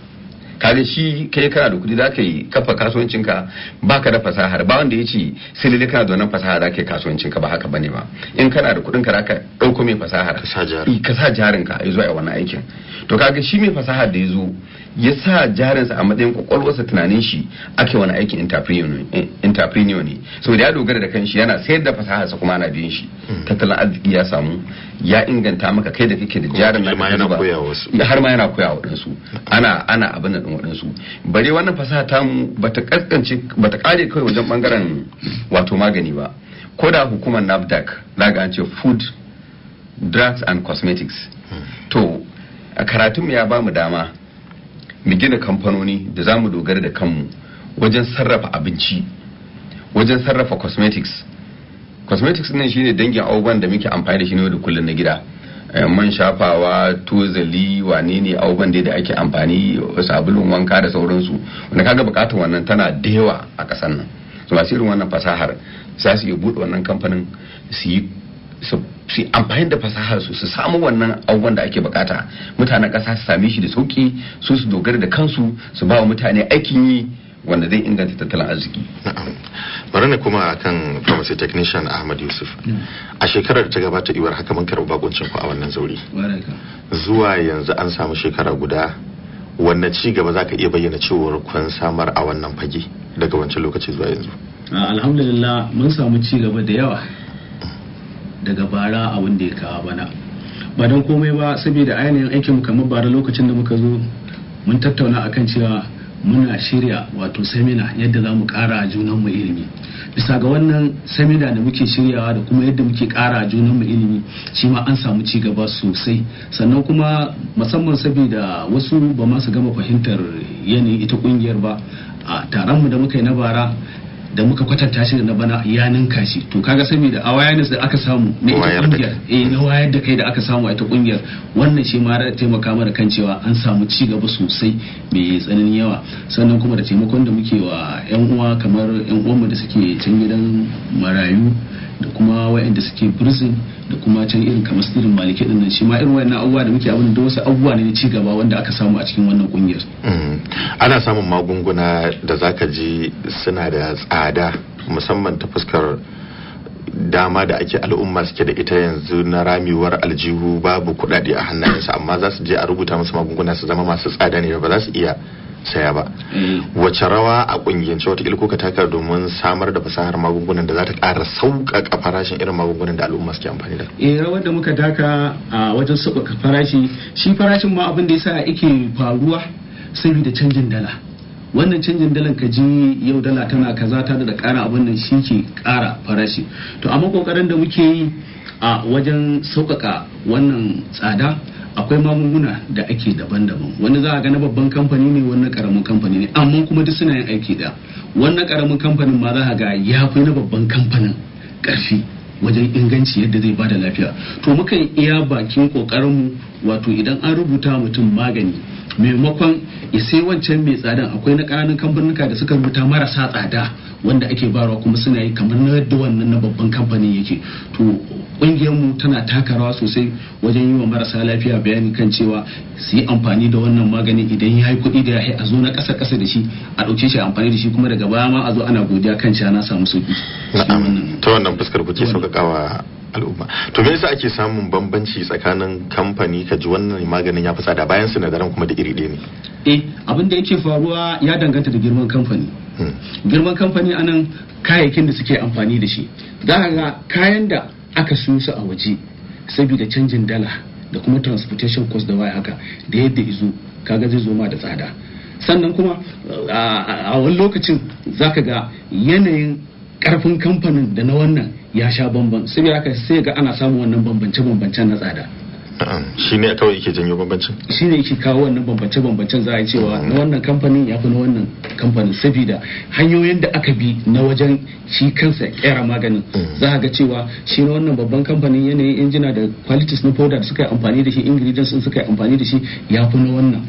kaga shi kai kana da kudi za ka yi kafa kasuwancinka ba ka da fasahar ba wanda ya ce sai lalle kana da wannan fasahar za ka yi kasuwancinka ba haka bane ba in kana da kudin ka za ka ɗauko mai fasahar ka sa jarin ka ya zo a wannan aikin to kaga shi mai fasahar da ya zo ya sa jarinsa a matsayin kwakwalwarsa tunanin shi ake wani aikin entrepreneur ne eh, da ya dogara da kanshi yana sayar da fasaharsa kuma ana biyan shi hmm. tattalin arziki ya samu ya inganta maka kai da kake da jarin na ba har ma yana koya waɗansu ana ana abin da waɗansu bare wannan fasaha tamu bata kaskance bata kare kawai wajen bangaren wato magani ba ko da hukumar nafdac zaga an ce food drugs and cosmetics hmm. to karatunmu ya ba mu dama mu gina kamfanoni da za mu dogara da kanmu wajen sarrafa abinci wajen sarrafa cosmetics cosmetics nan shine dangin auban da muke amfani da shi ne da kullum na gida eh, man shafawa tozali wane ne auban da ake amfani sabulun wanka da sauransu wanda kaga bukatar wannan tana da yawa a kasan nan su masu irin wannan fasahar za su iya buɗe wannan kamfanin su yi su amfani da fasahar su su samu wannan abubuwan da ake bukata mutanen kasa su same shi da sauki su su dogara da kansu su ba wa mutane aikin yi wanda zai inganta tattalin arziki. bari na kuma akan pharmacy technician Ahmad Yusuf. Hmm. A shekarar da ta gabata iwar haka mun karɓi bakuncin ku a wannan zauri. Zuwa yanzu an samu shekara guda wannan ci gaba za ka iya bayyana cewar kun samar a wannan fage daga wancan lokaci zuwa yanzu. Ah, alhamdulillah mun samu ci gaba da yawa. daga bara a da ya kawo bana ba don komai ba saboda ainihin aikin mu kamar bara lokacin da muka zo mun tattauna akan cewa muna shirya wato semina yadda za mu kara junan mu ilimi bisa ga wannan samina da muke shiryawa da kuma yadda muke kara junan mu ilimi shi ma an samu ci gaba sosai sannan kuma musamman saboda wasu ba ma su gama fahimtar yanayin ita kungiyar ba a taron mu da muka yi na bara da muka kwatanta shi da na bana ya ninka shi to kaga saboda awareness da aka samu na ita kungiyar eh na wayar da kai da aka samu a ita kungiyar wannan shi ma da taimaka mana kan cewa an samu ci gaba sosai mai tsananin yawa sannan kuma da taimakon da muke wa yan uwa kamar yan mu da suke can gidan marayu da kuma wayanda suke prison da kuma can irin kamar irin malike din nan shi ma irin wayannan abubuwa da muke abin da wasu abubuwa ne na ci gaba wanda aka samu a cikin wannan kungiyar mm. ana samun magunguna da zaka ji suna da tsada musamman ta fuskar dama da ake al'umma suke da ita yanzu na ramewar aljihu babu kudade a hannayensu amma za su je a rubuta masu magunguna su zama masu tsada ne ba za su iya saya ba mm. wace rawa a kungiyance wata kuka taka domin samar da fasahar magungunan da za ta ƙara sauƙaƙa farashin irin magungunan da al'umma suke amfani da eh rawar da muka taka a wajen sauƙaƙa farashi shi farashin ma abin da yasa yake faruwa saboda canjin dala wannan canjin dalan ka ji yau dala tana kaza ta da ƙara abin nan shi ke ƙara farashi to amma ƙoƙarin da muke yi a wajen sauƙaƙa wannan tsada akwai magunguna da ake daban-daban wani za a ga na babban kamfani ne wani karamin kamfani ne amma kuma duk suna yin aiki da wannan karamin kamfanin ma za a ga ya fi na babban kamfanin karfi wajen inganci yadda zai bada lafiya to mukan iya bakin kokarin mu wato idan an rubuta mutum magani maimakon ya sai wancan mai tsadan akwai na ƙananan kamfanin da suka rubuta marasa tsada wanda ake barawa kuma suna yi kamar na yadda wannan na babban kamfanin yake to mu tana taka rawa sosai wajen yi wa marasa lafiya bayani kan cewa su yi amfani da wannan magani idan ya yi kuɗi da ya a zo na ƙasa ƙasa da shi a ɗauke shi amfani da shi kuma daga baya ma a zo ana godiya kan shi na samu sauki. na'am ta wannan fuskar kuke sauƙaƙawa al'umma to me yasa ake samun bambanci tsakanin kamfani ka ji wannan maganin ya fi tsada bayan sinadaran kuma da iri ɗaya ne. eh abin da yake faruwa ya danganta da girman kamfani. girman kamfani anan kayayyakin da suke amfani da shi za ga kayan da aka siyo su a waje saboda canjin dala da kuma transportation cost da waya haka da yadda izo kaga zai zo ma da tsada sannan kuma a wani lokacin za ka ga yanayin karfin kamfanin da na wannan ya sha bambam saboda haka sai ga ana samun wannan bambance-bambancen na tsada shi ne kawai yake janyo bambancin shi ne yake kawo wannan bambance-bambancen za a yi cewa na wannan kamfanin ya fi na wannan kamfanin saboda hanyoyin da aka bi na wajen shi kansa kera maganin mm. za a ga cewa shi na wannan babban kamfanin yanayin injina da qualities na powder da suka yi amfani da shi ingredients suka yi amfani da shi ya fi na wannan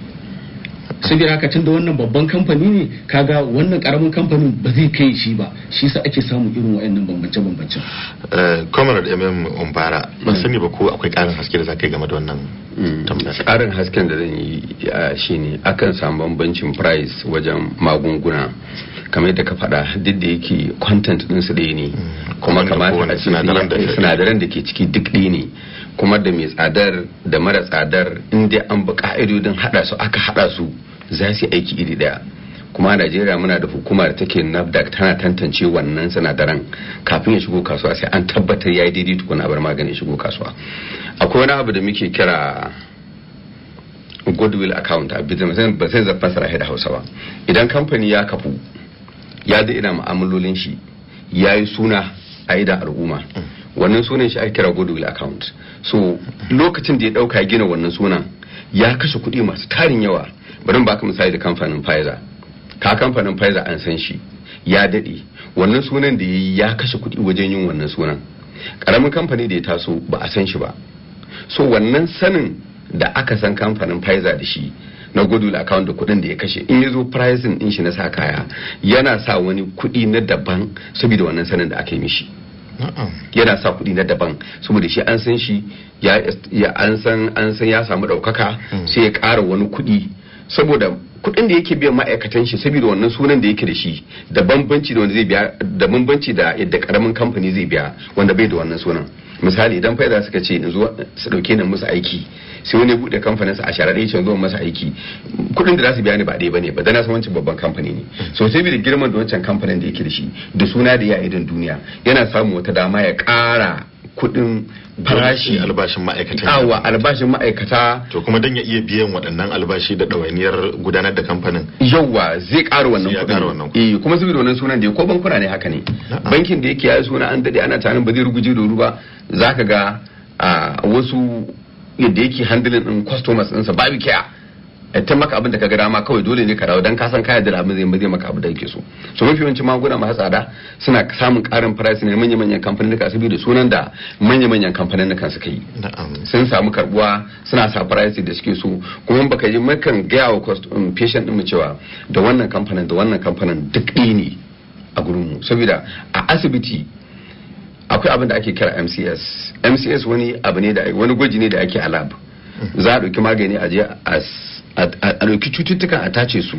saboda haka tunda wannan babban kamfani ne kaga wannan karamin kamfani ba zai kai shi ba shi sa ake samun irin wayannan bambance bambancen eh, comrade mm umbara ban hmm. sani ba ko akwai karin haske da za ka yi game da wannan karin hmm, hasken da zan yi shine akan samu bambancin price wajen magunguna kamar yadda ka faɗa duk da yake content ɗinsu ɗaya ne hmm. kuma kamar a sinadaran da ke ciki duk ɗaya ne kuma da mai tsadar da mara tsadar inda an bi ka'idodin haɗa su aka haɗa su za su aiki iri daya kuma najeriya muna da hukuma da take nafdac tana tantance wannan sinadaran kafin ya shigo kasuwa sai an tabbatar ya yi daidai tukuna bar magani shigo kasuwa akwai wani abu da muke kira goodwill account a business ba sai zafa sarahi da hausa ba idan kamfani ya kafu ya da ina ma'amalolin shi ya yi suna a idan al'umma wannan sunan shi ake kira goodwill account so lokacin da ya dauka gina wannan sunan ya kashe kuɗi masu tarin yawa bari baka misali da kamfanin Pfizer ka kamfanin Pfizer an san shi ya dade wannan sunan da yayi ya kashe kuɗi wajen yin wannan sunan karamin kamfani da ya taso ba a san shi ba so wannan sanin da aka san kamfanin Pfizer da shi na godul account da kuɗin da ya kashe in ya zo pricing din shi na sa kaya yana sa wani kuɗi na daban saboda wannan sanin da aka yi mishi yana sa kuɗi na daban saboda shi an san shi ya an san an san ya samu ɗaukaka hmm. sai ya ƙara wani kuɗi saboda kuɗin da yake biyan ma'aikatan shi saboda wannan sunan da yake da shi da bambanci da wanda zai biya da bambanci da yadda karamin kamfani zai biya wanda bai da wannan sunan misali idan faida suka ce in zo su dauke ni musu aiki sai wani bude kamfanin sa a shara ɗaya yace zo masa aiki kuɗin da za su biya ni ba dai bane ba dana san babban kamfani ne so sai bi da girman da wancan kamfanin da yake da shi da suna da ya idan duniya yana samun wata dama ya ƙara kudin farashi albashin ma'aikata Awa albashin ma'aikata to kuma dan ya iya biyan waɗannan albashi da ɗawainiyar gudanar da kamfanin yawa zai ƙara wannan kuɗin eh kuma saboda wannan sunan da ya ko bankuna ne haka ne bankin da yake yi suna an dade ana tarin ba zai ruguje da ruba zaka ga ah, wasu yadda yake handling din customers ɗinsa babu care ta maka abin da ka ga dama kawai dole ne ka dawo dan ka san ka da abin zai maka abu da yake so so mafi yawancin magunguna masu tsada suna samun karin price ne manya manyan kamfanin da da sunan da manya manyan kamfanin kan suka yi sun samu karbuwa suna sa price da suke so kuma baka yi makan gaya wa um, patient din mu cewa da wannan kamfanin da wannan kamfanin duk ɗaya ne a gurin mu saboda a asibiti akwai abin da ake kira MCS MCS wani abu ne da wani gwaji ne da ake a lab mm. za a ɗauki magani a je a a ɗauki cututtuka a tace su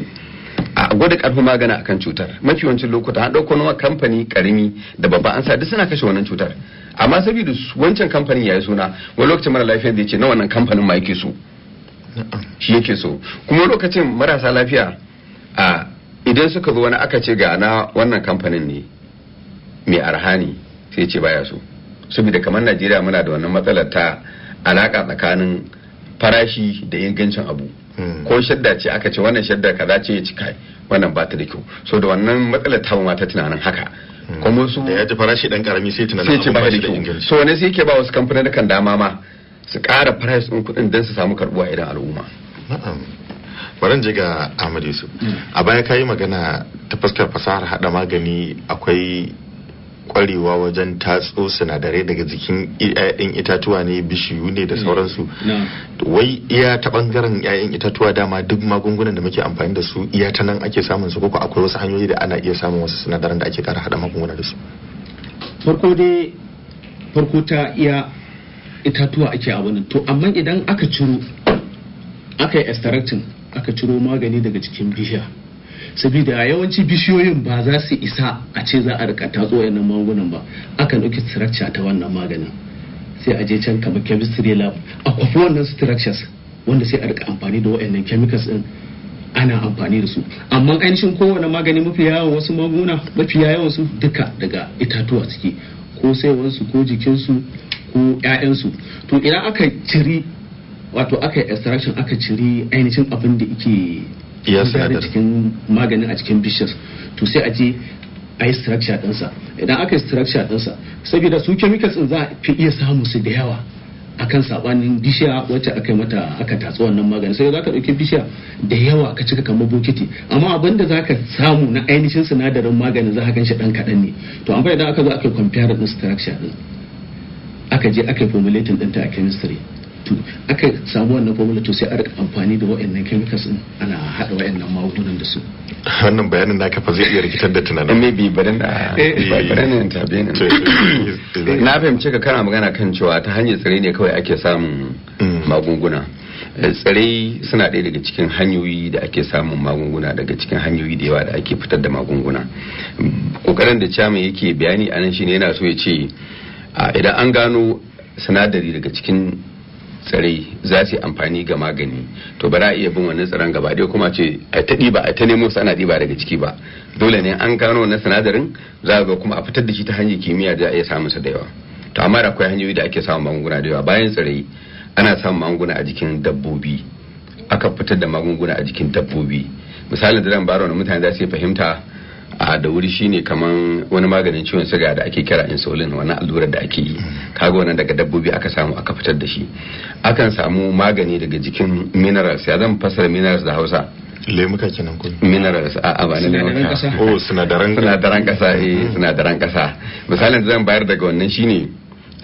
a gwada karfin magana akan cutar mafi yawancin lokuta an ɗauko wani kamfani karimi da babba an sa duk suna kashe wannan cutar amma saboda wancan kamfanin yi suna wani lokacin mara lafiya da ce na wannan kamfanin ma yake so shi yake so kuma lokacin marasa lafiya a idan suka zo wani aka ce ga na wannan kamfanin ne mai arhani sai ce baya so saboda kamar najeriya muna da wannan matsalar ta alaka tsakanin farashi da ingancin abu Mm. ko shadda ce aka ce wannan shadda kaza ce ya cika wannan ba ta da kyau so da wannan matsalar ta mata tunanin haka mm. kuma su da ya ji farashi dan karami sai tunanin sai ba da kyau so ne sai yake ba wasu kamfanin kan dama ma su ƙara price din kuɗin dan su samu karbuwa idan al'umma baran je ga Ahmad Yusuf mm. a baya kai magana ta fuskar fasahar hada magani akwai kwarewa wajen tatso sinadarai daga jikin 'ya'yan itatuwa ne bishiyu ne da mm. sauransu wai iya ta bangaren 'ya'yan itatuwa dama duk magungunan da muke amfani da su iya ta nan ake samun su koko akwai wasu hanyoyi da ana iya samun wasu sinadaran da ake kara hada magunguna da su farko dai farko ta iya itatuwa ake a wani to amma idan aka ciro aka yi extracting aka ciro magani daga cikin bishiya saboda yawanci bishiyoyin ba za su isa a ce za a rika tatso wayannan magungunan ba aka ɗauki structure ta wannan maganin sai a je can kamar chemistry lab a kwafi wannan structures wanda sai a rika amfani da wayannan chemicals din ana amfani da su amma ainihin kowane magani mafi yawan wasu magunguna mafi yawan su duka daga itatuwa suke ko saiwansu ko jikinsu ko 'ya'yansu to idan aka ciri wato aka yi extraction aka ciri ainihin abin da yake magani sinadar cikin maganin a cikin bishiyar to sai a je a yi structure ɗinsa idan aka yi structure ɗinsa saboda su chemicals ɗin za a fi iya samu su da yawa akan sabanin bishiya wacce aka yi mata aka tatsi wannan magani sai za ka ɗauki bishiya da yawa ka cika kamar bokiti amma abin da za ka samu na ainihin sinadarin maganin za ka gan shi ɗan kaɗan ne to amma idan aka zo aka yi compare ɗin structure ɗin aka je aka yi formulating ɗinta a chemistry to aka samu wannan formula to sai a rika amfani da waɗannan chemicals din ana haɗa waɗannan magungunan da su wannan bayanin na kafa zai iya rikitar da tunanin eh, maybe bari na eh, bari na eh, tabe ne na fahimci ka kana magana kan cewa ta hanyar tsare ne kawai ake samun mm. magunguna tsare suna ɗaya daga cikin hanyoyi da ake samun magunguna daga cikin hanyoyi da yawa da ake fitar da magunguna kokarin da chama yake bayani anan shine yana so ya ce idan an gano sinadari daga cikin tsirai za su yi amfani ga magani to ba za a iya bin wannan tsaron gaba dai kuma ce a ta ɗiba a ta nemo su ana ɗiba daga ciki ba dole ne an gano wannan sinadarin za ga kuma a fitar da shi ta hanyar kimiyya da za a iya samun sa da yawa to amma da akwai hanyoyi da ake samun magunguna da yawa bayan tsare ana samun magunguna a jikin dabbobi aka fitar da magunguna a jikin dabbobi misalin da zan bayar wani mutane za su fahimta a da wuri shine kaman wani maganin ciwon siga da ake kira insulin wannan allurar da ake yi kaga wannan daga dabbobi aka samu aka fitar da shi akan samu magani daga jikin minerals ya zan fasar minerals da hausa lemuka kenan ko minerals a a bani na lemuka oh sinadaran sinadaran kasa eh hmm. sinadaran kasa misalin da zan bayar daga wannan shine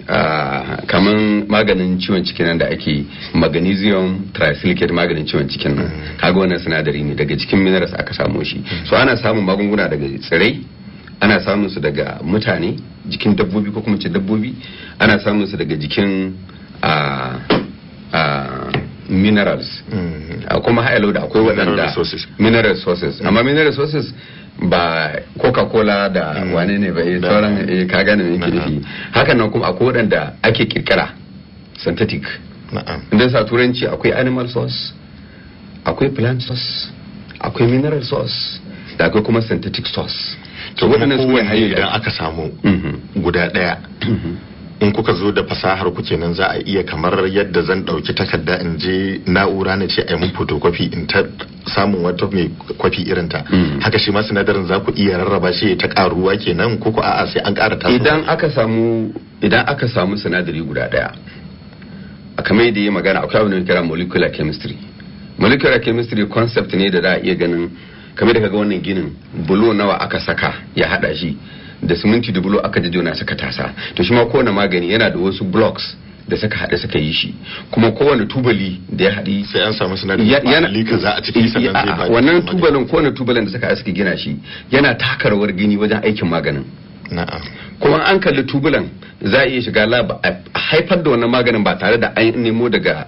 Ah, kaman maganin ciwon cikin nan da ake magnesium trisilicate maganin ciwon cikin nan mm. kaga wannan sinadari ne daga cikin minerals aka samo shi so ana samun magunguna daga tsirai ana samun su daga mutane jikin dabbobi ko kuma ce dabbobi ana samun su daga jikin ah, ah, minerals mm. kuma hayalau da akwai waɗanda mineral sources amma mineral sources ba coca-cola da mm. wane ne ba eh, sauran eh, ka gane me yake nufi hakan nan kuma akwai waɗanda ake kirkira synthetic inda sa turanci akwai animal sauce akwai plant sauce akwai mineral sauce da akwai kuma synthetic sauce to waɗannan su ne idan aka samu mhm. guda ɗaya mhm. in kuka zo da fasahar ku kenan za a iya kamar yadda zan dauki takarda in je na'ura na ce ai mun photocopy in ta samun wata mai kwafi irin ta hmm. haka shi ma sinadarin za ku iya rarraba shi ta karuwa kenan ko ko a'a sai an kara ta idan aka samu idan aka samu sinadari guda daya kamar yadda yi magana akwai abin da kira molecular chemistry molecular chemistry concept ne da za a iya ganin kamar da kaga wannan ginin bulo nawa aka saka ya hada shi da siminti dubulo aka aka na suka tasa to shi ma kowane magani yana da wasu blocks da suka haɗe suka yi shi kuma kowane tubali da ya haɗi sai an samu sinadarin yana za a ciki sannan zai ba wannan tubalin kowane tubalin da suka haɗe suka gina shi yana takar war gini wajen aikin maganin kuma an kalli tubulan za a iya shiga lab a haifar da wannan maganin ba tare da an nemo daga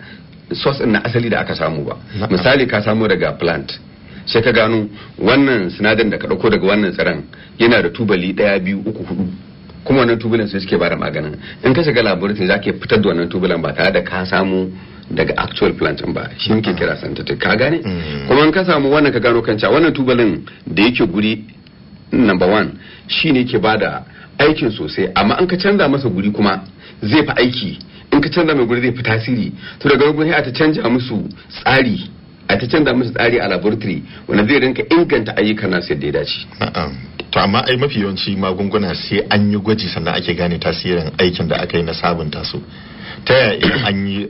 source na asali da aka samu ba misali ka samu daga plant sai ka gano wannan sinadarin da ka ɗauko daga wannan tsaron yana da tubali ɗaya biyu uku hudu kuma wannan tubulan sai suke bada maganin in ka shiga laboratory za ka fitar da wannan tubulan ba tare da ka samu daga actual plant ba shi muke kira synthetic ka gane mm. kuma in ka samu wannan ka gano kanta wannan tubalin da yake guri number one shi ne ke bada aikin sosai amma in ka canza masa guri kuma zai fi aiki in ka canza mai guri zai fi tasiri to daga guri a ta canja musu tsari a ta canza musu tsari a laboratory wanda zai rinka inganta ayyuka nasu yadda ya dace to amma ai mafi yawanci magunguna sai an yi gwaji sannan ake gane tasirin aikin da aka yi na sabunta su ta yaya an yi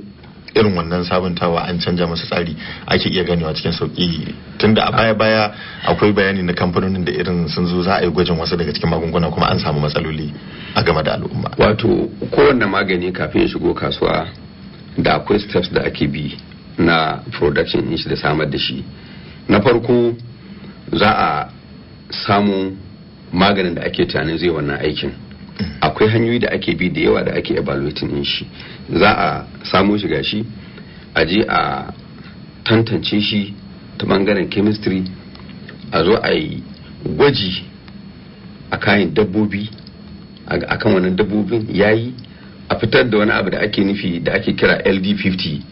irin wannan sabuntawa an canza masa tsari ake iya ganewa cikin sauki tunda a baya baya akwai bayani na kamfanonin da irin sun zo za a yi gwajin wasu daga cikin magunguna kuma an samu matsaloli a game da al'umma wato kowanne magani kafin ya shigo kasuwa da akwai steps da ake bi na production din shi da samar da shi na farko za a samu maganin da ake tunanin zai wannan aikin akwai hanyoyi da ake bi da yawa da ake evaluating din shi za a samu shiga shi a je a tantance shi ta bangaren chemistry a zo a yi gwaji a kayan dabbobi a kan wannan dabbobin yayi a fitar da wani abu da ake nufi da ake kira ld 50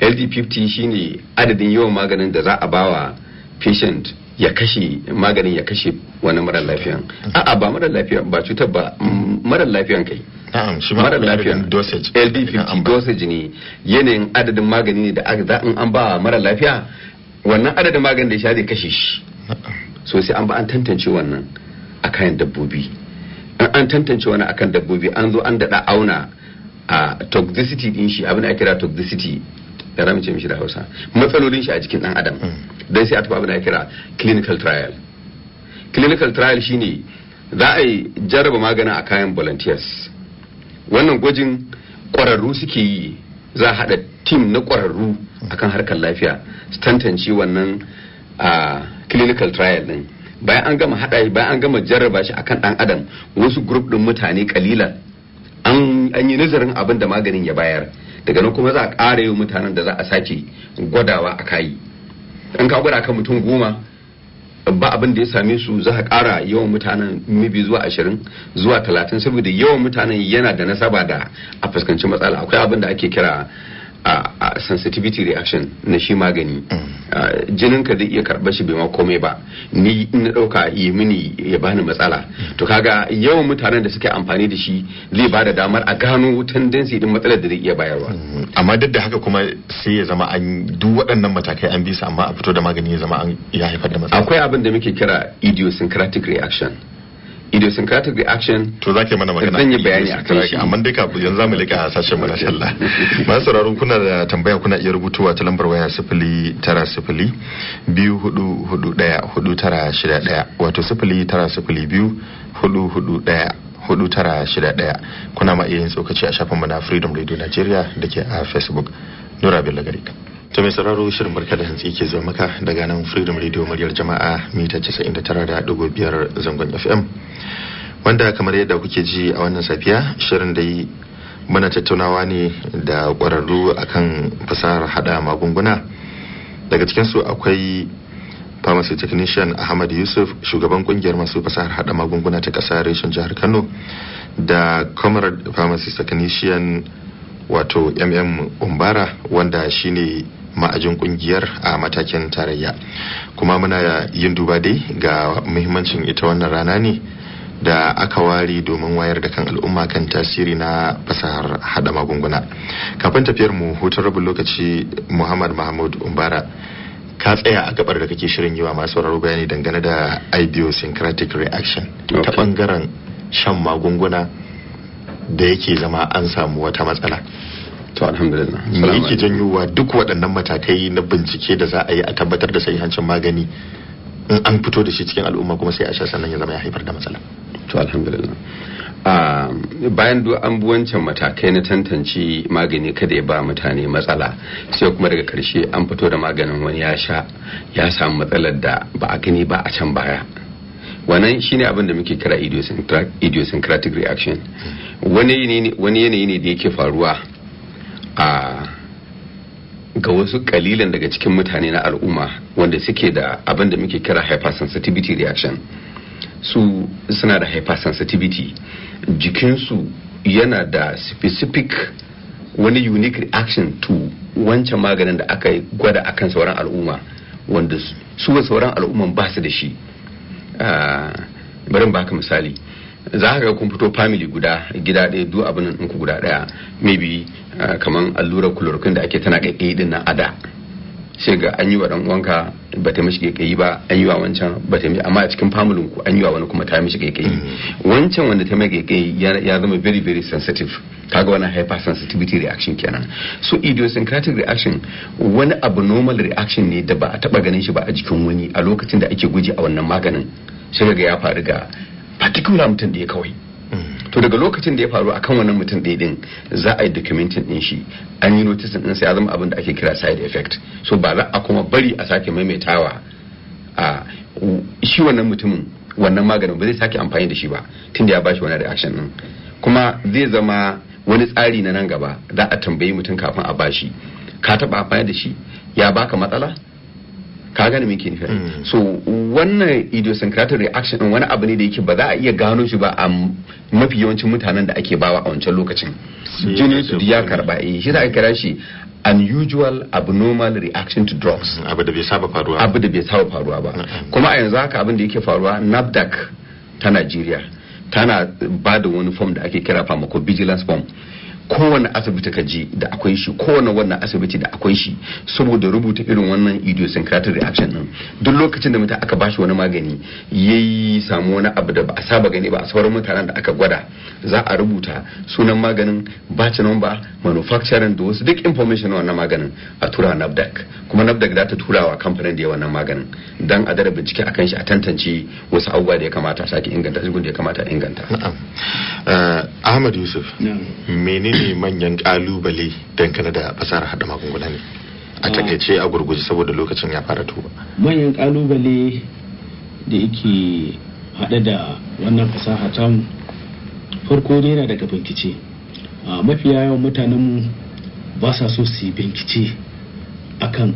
LD50 shine adadin yawan maganin da za a bawa patient ya kashe maganin ya kashe wani marar lafiyan a'a ba marar lafiyan ba cutar ba mm, marar lafiyan kai marar lafiyan dosage LD50 dosage ne yanayin adadin magani ne da za in an ba marar lafiya wannan adadin maganin da ya sha zai kashe shi so sai an ba an tantance wannan a kayan dabbobi an tantance wani akan dabbobi an zo an daɗa auna a toxicity din shi abin da kira toxicity ya ramice ce mishi da hausa matsalolin shi a jikin hmm. dan adam dai sai a tafi abin da ya kira clinical trial clinical trial shine za a yi jarraba magana a kayan volunteers wannan gwajin kwararru suke yi za a haɗa tim na kwararru akan harkar lafiya su tantance wannan a clinical trial din bayan an gama haɗa shi bayan an gama jarraba shi akan ɗan adam wasu group ɗin mutane kalila an yi nazarin abin da maganin ya bayar daga nan kuma za a ƙara yi mutanen da za a sake gwadawa a kayi an ka gwada kan mutum goma ba abin da ya same su za a ƙara yawan mutanen mibi zuwa ashirin zuwa talatin saboda yawan mutanen yana da nasaba da a fuskanci matsala akwai abin da ake kira a sensitivity reaction na shi magani mm. jinin ka zai iya karɓar shi bai ma komai ba ni na ɗauka yi mini ya bani matsala mm. to kaga yawan mutanen da suke amfani da shi zai bada da damar a gano tendency din matsalar da zai iya bayarwa mm. amma duk da haka kuma sai ya zama an duk waɗannan matakai an bi su amma a fito da magani ya zama an ya haifar da matsala akwai abin da muke kira idiosyncratic reaction idiosyncratic reaction to zake mana magana zan yi bayani akan shi amma duka yanzu zamu lika sashen mu insha Allah *laughs* masu sauraro kuna da tambaya kuna iya rubutuwa ta lambar waya 0900 wato 0902 hudu tara shida daya kuna ma iya yin tsokaci a shafin mana na freedom radio nigeria da ke a facebook nura bello gari ta mai sauraro shirin barka da hantsi ke zuwa maka daga nan freedom radio muryar jama'a mita 99.5 zangon fm wanda kamar yadda kuke ji a wannan safiya shirin da yi muna tattaunawa ne da kwararru akan fasahar hada magunguna daga cikin su akwai pharmacy technician ahmad yusuf shugaban kungiyar masu fasahar hada magunguna ta ƙasa reshen jihar kano da comrade pharmacy technician wato mm umbara wanda shine ma'ajin kungiyar a matakin tarayya kuma muna yin duba dai ga muhimmancin ita wannan rana ne da aka ware domin wayar da kan al'umma kan tasiri na fasahar hada magunguna kafin tafiyar mu hutun rabin lokaci muhammad mahmud umbara ka tsaya a gabar da kake shirin yi wa masu sauraro bayani dangane da idiosyncratic reaction ta bangaren shan magunguna da yake zama an samu wata matsala to alhamdulillah me yake janyowa duk waɗannan matakai na bincike da za a yi a tabbatar da sahihancin magani in an fito da shi cikin al'umma kuma sai a sha sannan ya zama ya haifar da matsala to alhamdulillah ah, bayan duk an bi wancan matakai na tantance magani kada ya ba mutane matsala sai kuma daga karshe an fito da maganin wani ya sha ya samu matsalar da ba a gani ba a can baya wannan shine abin da muke kira idiosyncratic reaction hmm. wani yanayi ne da yake faruwa a ah, ga wasu kalilan daga cikin mutane na al'umma wanda suke da abin da muke kira hypersensitivity reaction su suna da hypersensitivity jikinsu yana da specific wani unique reaction to wancan maganin da aka gwada akan sauran al'umma wanda su sauran al'umman ba su da shi ah, bari baka misali za ka kun fito family guda gida ɗaya duk abin nan ku guda ɗaya maybe ah, kaman allurar kulorkin da ake tana kai din nan ada. sai ga an yi wa wanka ba ta mishi kai ba an yi wa wancan ba ta amma a cikin familin ku an yi wa wani kuma ta mishi kai mm-hmm. wancan wanda ta mai kai ya zama very very sensitive kaga wani hypersensitivity reaction kenan so idiosyncratic reaction wani abu abnormal reaction ne da ba a taba ganin shi ba a jikin wani a lokacin da ake guji a wannan maganin sai ga ya faru ga particular mutum da ya kawai mm. to daga lokacin da ya faru akan wannan mutum ɗaya din za a yi documenting din shi an yi notice din sai ya zama abin da ake kira side effect so ba za a kuma bari a sake maimaitawa a shi wannan mutumin wannan maganin ba zai sake amfani da shi ba tun da ya bashi wani reaction din kuma zai zama wani tsari na nan gaba za a tambayi mutum kafin a bashi ka taba amfani da shi ya baka matsala ka gane me ke nufi hmm. so wannan idiosyncratic reaction din wani abu ne da yake ba za a iya gano shi ba a mafi yawancin mutanen da ake bawa a wancan lokacin jini su ya karba eh shi aka kira shi unusual abnormal reaction to drugs hmm, abu da bai saba faruwa abu da bai saba faruwa ba hmm, kuma a yanzu haka abin da yake faruwa NAFDAC ta Najeriya tana ba da wani form da ake kira pharmacovigilance form kowane asibiti ka je da akwai shi kowane wannan asibiti da akwai shi saboda rubuta irin wannan idiosyncratic reaction din duk lokacin da mutum aka bashi wani magani yayi samu wani abu da ba a saba gani ba a sauran mutanen da aka gwada za a rubuta sunan maganin batch number manufacturing da wasu duk information na wannan maganin a tura nafdac kuma nafdac za ta tura wa kamfanin da ya wannan maganin dan a dara bincike a kan shi a tantance wasu abubuwa da ya kamata a sake inganta da ya kamata a inganta Ahmad Yusuf menene manyan kalubale dangane da fasahar hada magunguna ne a ah. takaice a gurguje saboda lokacin ya fara tuba manyan kalubale da yake hada da wannan fasaha tamu farko ne yana daga bincike mafiya yawan mutanenmu ba sa so su yi a kan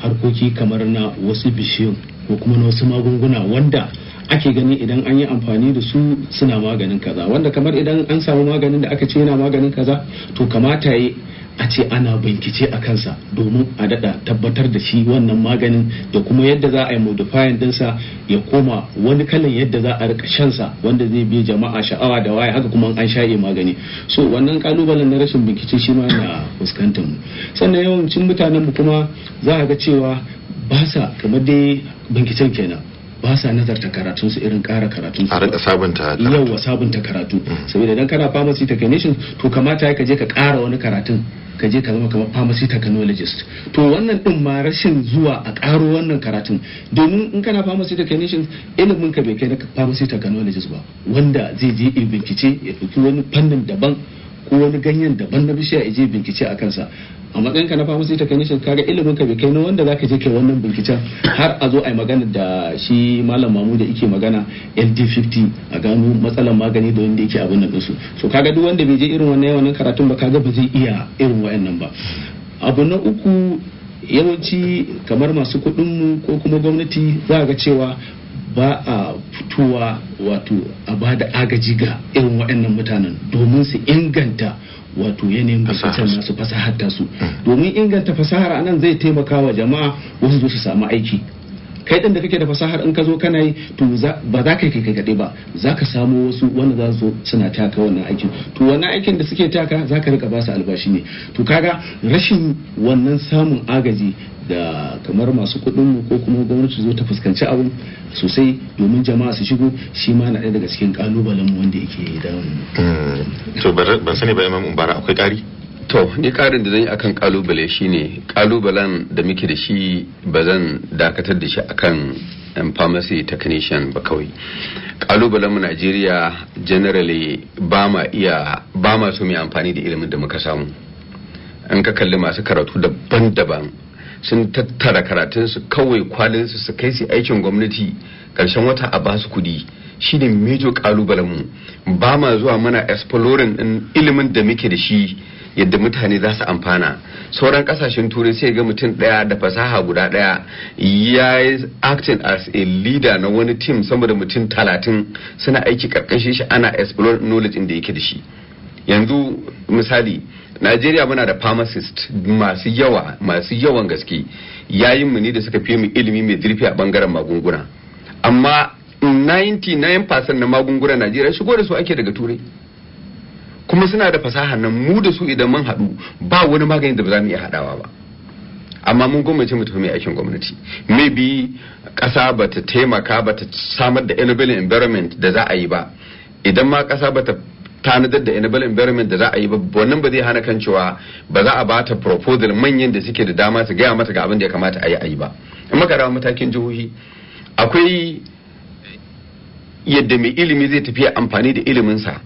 harkoki kamar na wasu bishiyun ko kuma na wasu magunguna wanda ake gani idan an yi amfani da su suna maganin kaza wanda kamar idan an samu maganin da aka ce yana maganin kaza to kamata yi a ce ana bincike a kansa domin a dada tabbatar da shi wannan maganin da kuma yadda za a yi modifayin dinsa ya koma wani kalan yadda za a rika shansa wanda zai biya jama'a sha'awa da waya haka kuma an shaye magani so wannan kalubalen na rashin bincike shi ma na fuskantar mu sannan yawancin mutanen mu kuma za a ga cewa ba sa kamar dai binciken kenan ba sa nazarta karatun su irin kara karatun su a rinka sabunta karatu. yawa sabunta karatu saboda idan kana pharmacy technician to kamata ka je ka kara wani karatun ka je ka zama kamar pharmacy technologist to wannan din ma rashin zuwa a karo wannan karatun domin in kana pharmacy technician ilimin ka bai kai na pharmacy technologist ba wanda zai je in bincike ya fiki wani fannin daban ko wani ganyen daban na bishiya ya je bincike a kansa a matsayin ka na pharmacy technician kaga ilimin ka bai kai na wanda zaka je kai wannan binciken har a zo a yi magana da shi malam mamu da yake magana LD50 a gano matsalan magani da wanda yake abin nan su so kaga duk wanda bai je irin wannan yawan karatun ba kaga ba zai iya irin wayannan ba abu na uku yawanci kamar masu kuɗin mu ko kuma gwamnati za ga cewa ba a fitowa wato a bada agaji ga irin waɗannan mutanen domin su inganta wato yanayin bukatun masu fasahar tasu hmm. domin inganta fasahar anan zai taimaka wa jama'a wasu su samu aiki kai din da kake da fasahar in ka zo kana yi to ba za ka yi kai kaɗai ba za ka samo wasu wanda za su suna taka wannan aikin to wannan aikin da suke taka za ka rika ba su albashi ne to kaga rashin wannan samun agaji da kamar masu kuɗinmu ko kuma gwamnati zo ta fuskanci abin sosai domin jama'a su shigo shi ma na ɗaya daga cikin kalubalen wanda yake da hmm. to ban sani ba imam umbara akwai ƙari to ni karin da zan yi akan kalubale shine kalubalen da muke da shi ba zan dakatar da shi akan pharmacy technician ba kawai kalubalen mu Najeriya generally ba ma iya ba ma so mai amfani da ilimin da muka samu in ka kalli masu karatu daban-daban sun tattara karatun su kawai kwalinsu su kai su aikin gwamnati karshen wata a basu kudi ne mijo kalubalen mu ba ma zuwa mana exploring din ilimin da muke da shi yadda mutane za su amfana sauran kasashen turai sai ga mutum daya da fasaha guda daya ya yi acting as a leader na wani team sama da mutum talatin suna aiki karkashin shi ana explore knowledge da yake da shi yanzu misali Najeriya muna da pharmacist masu yawa masu yawan gaske yayin mu ne da suka fi mu ilimi mai zurfi a bangaren magunguna amma 99% na magunguna Najeriya shigo da su ake daga turai kuma suna da fasaha nan mu da su idan mun haɗu ba wani magani da ba za mu iya haɗawa ba amma mun gwamnati mu tafi mai aikin gwamnati maybe ƙasa ba ta taimaka ba ta samar da enabling environment da za a yi ba idan ma ƙasa ba ta tanadar da enable environment da za a yi ba wannan ba zai hana kan cewa ba za a bata proposal manyan da suke da dama su gaya mata ga abin da ya kamata a yi a yi ba in muka rawa matakin jihohi akwai yadda mai ilimi zai tafi amfani da iliminsa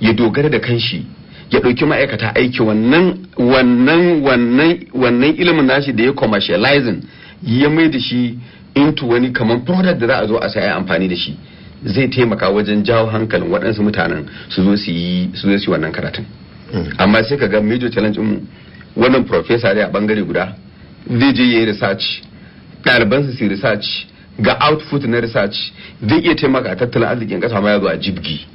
ya dogara da kanshi ya ɗauki ma'aikata aiki wannan wannan wannan wannan ilimin nashi da ya commercializing ya mai da shi into wani kamar product da za a zo a sai amfani da shi zai taimaka wajen jawo hankalin waɗansu mutanen su zo su yi su wannan karatun hmm. amma sai ka ga major challenge mu wannan professor dai a bangare guda zai je yayi research ɗaliban su yi research ga output na research zai iya taimaka tattalin arzikin ƙasa ma ya zo a jibgi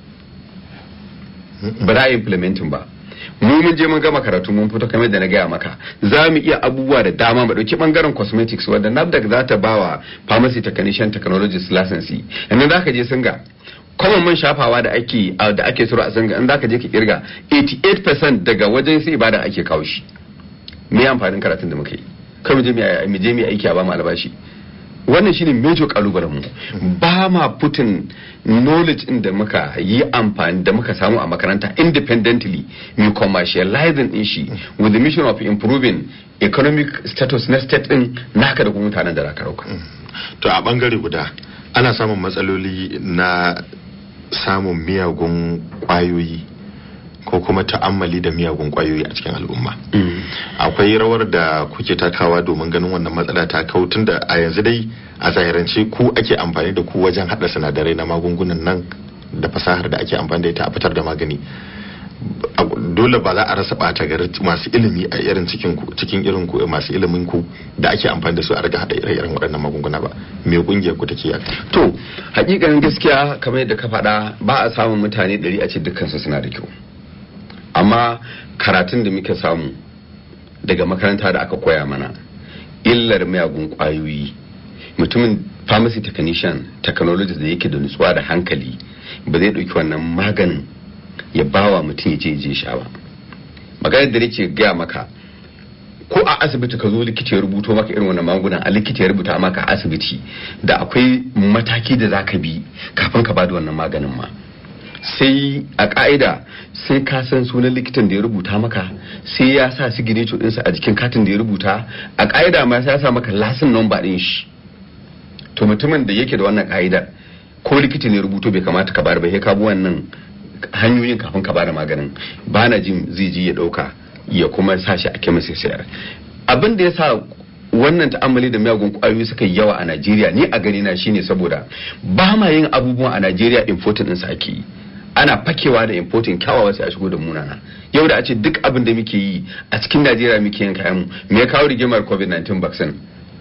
hmm. ba za a implementin ba mu mun je mun gama karatu mun fito kamar da na gaya maka za mu iya abubuwa da dama mu dauki bangaren cosmetics wanda NAFDAC za ta bawa pharmacy technician technologies license yanzu za ka je singa kwamon man shafawa da ake da ake a singa in za ka je ka kirga 88% daga wajen sai ibada ake kawo shi me amfanin karatun da muka yi kai mu je mu je mu aiki a ba mu albashi wannan shine major kalubalen mu ba ma putin knowledge in da muka yi amfani da muka samu a makaranta independently mu commercializing din shi with the mission of improving economic status na state din naka da kuma mutanen da zaka rauka. to a bangare guda ana samun matsaloli na samun miyagun kwayoyi ko kuma ta'ammali da miyagun kwayoyi a cikin al'umma mm. akwai rawar da kuke takawa domin ganin wannan matsala ta kau tun da a yanzu dai a zahirance ku ake amfani da ku wajen hada sinadarai na magungunan nan da fasahar da ake amfani da ita a fitar da magani dole ba za a rasa ɓata gari masu ilimi a irin cikin irin ku masu ilimin ku da ake amfani da su a riga hada irin waɗannan magunguna ba me kungiyar ku take yaka to hakikanin gaskiya kamar yadda ka faɗa ba a samun mutane ɗari a ce dukkan su suna da kyau amma karatun da muka samu daga makaranta da aka koya mana illar miyagun kwayoyi mutumin pharmacy technician technologist da yake da nutsuwa da hankali ba zai ɗauki wannan maganin ya bawa mutum ya je je sha ba maganar da nake gaya maka ko a asibiti ka zo likita ya rubuto maka irin wannan magungunan a likita ya rubuta maka asibiti da akwai mataki da zaka bi kafin ka bada wannan maganin ma sai a ka'ida sai ka san sunan likitan da ya rubuta maka sai ya sa gine ɗinsa a jikin katin da ya rubuta a ka'ida ma sai ya sa maka lasin nomba ɗin shi to mutumin da yake da wannan ka'idar ko likitan ya rubuto bai kamata ka bari ba ka bi wannan hanyoyin kafin ka bada maganin ba na jin zai ji ya ɗauka ya kuma sa shi a kemis ya sayar abin da ya sa wannan ta'ammali da miyagun kwayoyi suka yi yawa a Najeriya ni a gani na shine saboda ba ma yin abubuwa a Najeriya in din sa ake yi ana fakewa da importing kyawawa sai a shigo da munana yau da a ce duk abin da muke yi a cikin najeriya muke yin kayan mu me kawo rigimar covid-19 vaccine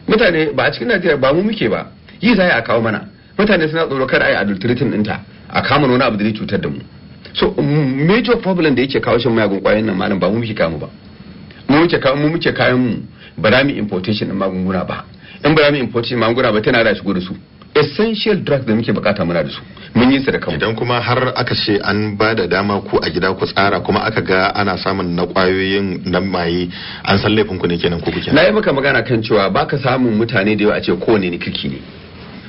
mutane ba a cikin najeriya ba mu muke ba yi za a kawo mana mutane suna tsoro kar a yi adulterating ɗinta a kama wani abu da zai cutar da mu so major problem da yake kawo shan mayagun kwayoyin nan malam ba mu muke kamu ba mu muke kawo mu muke kayan mu ba za mu importation din magunguna ba in ba za mu importation magunguna ba tana da shigo da su essential drugs da muke bukata muna da su mun yi su da kanmu idan kuma har aka ce an ba da dama ku a gida ku tsara kuma aka ga ana samun na kwayoyin nan maye an san laifin ku ne kenan ku kuke na yi maka magana kan cewa baka samun mutane da yawa a ce kowane ne kirki ne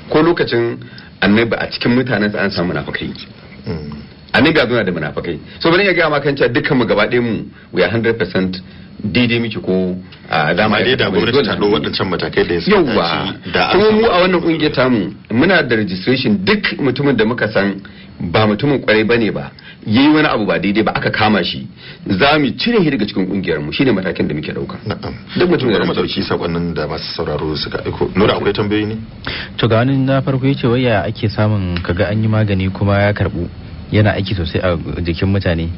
ko lokacin annabi a cikin mutanen an samu nafakai mm. annabi ya zauna da munafikai so bari ya ga ma kan cewa dukkan mu gaba ɗayan mu we are 100% daidai miki ko a dama da da gwamnati ta dau waɗancan matakai da ya sa yawa kuma mu a wannan kungiyar mu muna da registration duk mutumin da muka san ba mutumin kwarai bane ba yayi wani abu ba daidai ba aka kama shi za mu cire shi daga cikin kungiyar mu shine matakin da muke dauka duk mutumin da mu dauki sakonnin da masu sauraro suka aiko nura akwai tambayoyi ne to ga wani na farko yace waya ake samun kaga an yi magani kuma ya karbu yana aiki sosai a jikin mutane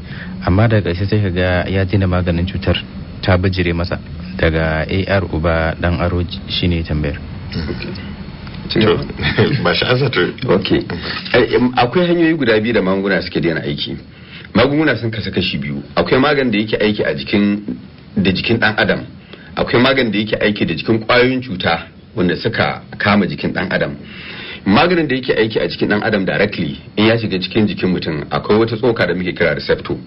amma daga ƙarshe sai kaga ya daina maganin cutar ta bijire masa daga ar uba dan aro shine tambayar eh, akwai hanyoyi guda biyu da magunguna suke daina aiki magunguna sun kasa kashi biyu akwai magan da yake aiki a jikin da jikin dan adam akwai magan da yake aiki da jikin kwayoyin cuta wanda suka kama jikin dan adam maganin da yake aiki a cikin dan adam directly in ya shiga cikin jikin mutum akwai wata tsoka da muke kira receptor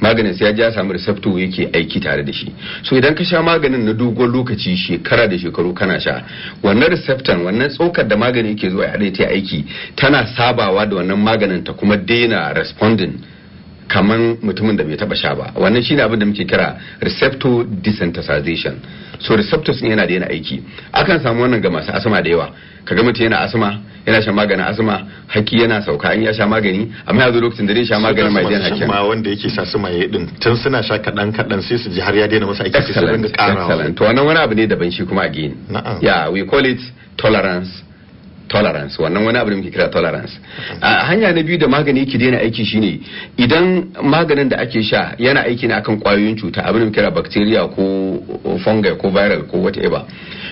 maganin sai ya ja samu receptor yake aiki tare da shi so idan ka sha maganin na dogon lokaci shekara da shekaru kana sha wannan receptor wannan tsokar da maganin yake zuwa ya ta aiki tana sabawa da wannan maganin ta kuma daina responding kaman mutumin da bai taba sha ba wannan shine abin da muke kira receptor desensitization so receptors din yana daina aiki akan samu wannan ga masu asma da yawa kaga mutum yana asma yana shan maganin asma haki yana sauka in ya sha magani amma yanzu lokacin da zai sha maganin mai daina hakin ma wanda yake sa su mai din tun suna sha kadan kadan sai su ji har ya daina masa aiki sai su dinga karawa to wannan wani abu ne daban shi kuma a gini ya we call it tolerance tolerance wannan wani abu da muke kira tolerance a hanya na biyu da magani yake daina aiki shine idan maganin da ake sha yana aiki ne akan kwayoyin cuta abin da muke kira bacteria ko fungi ko viral ko whatever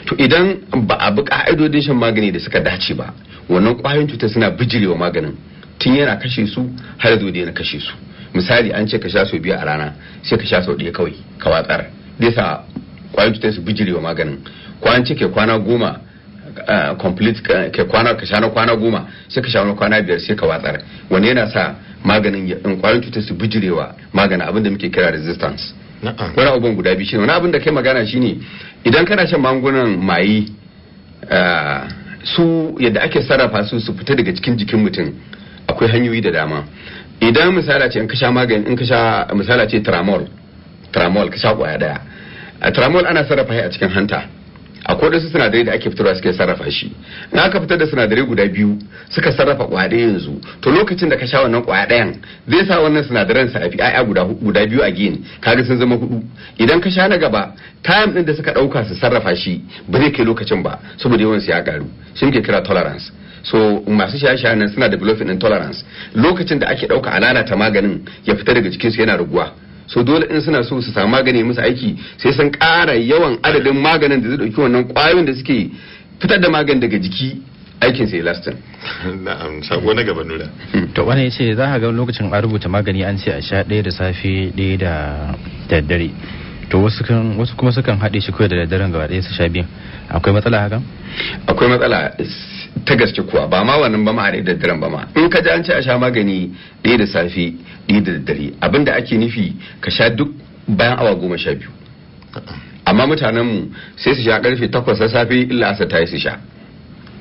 to idan ba a bi ka'idodin shan magani da suka dace ba wannan kwayoyin cuta suna bijirewa maganin tun yana kashe su har zo daina kashe su misali an ce ka sha sau biyu a rana sai ka sha sau ɗaya kawai ka watsar zai sa kwayoyin cuta su bijirewa maganin ko an ce ke kwana goma complete ka kwana ka sha kwana goma sai ka sha kwana biyar sai ka watsar wani yana sa maganin in kwayoyin cutar su bijirewa maganin abinda muke kira resistance wani abubuwan guda biyu shine wani abin da kai magana shine idan kana shan magungunan mayi su yadda ake sarrafa su su fita daga cikin jikin mutum akwai hanyoyi da dama idan misala ce in ka sha magani in ka sha misala ce tramol tramol ka sha kwaya daya tramol ana sarrafa shi a cikin hanta akwai wasu sinadarai da ake fitarwa suke sarrafa shi in aka fitar da sinadarai guda biyu suka sarrafa kwaya yanzu to lokacin da ka sha wannan kwaya ɗayan zai sa wannan sinadaran su a aya guda biyu a gini kaga sun zama hudu idan ka sha na gaba tayam ɗin da suka dauka su sarrafa shi ba zai kai lokacin ba saboda yawan su ya karu shi ke kira tolerance so masu shaye sha nan suna developing intolerance lokacin da ake ɗauka a lalata maganin ya fita daga jikinsu yana raguwa so dole in suna so su samu magani musu aiki sai sun ƙara yawan adadin maganin da zai ɗauki wannan ƙwayoyin da suke fitar da magani daga jiki aikin sai lastin *laughs* na'am sako na gaba nura to wani yace za ka ga lokacin a rubuta magani an ce a sha ɗaya da safe ɗaya da daddare to wasu kan wasu kuma sukan haɗe shi kawai da daddaren gaba ɗaya su sha biyu akwai matsala hakan akwai matsala ta gaske kuwa ba ma wannan ba ma da daren ba ma in ka ji an ce a sha magani ɗaya da safe ɗaya da daddare abinda ake nufi ka sha duk bayan awa goma sha biyu amma mutanen mu sai su sha karfe takwas na safe illa asa ta yi su sha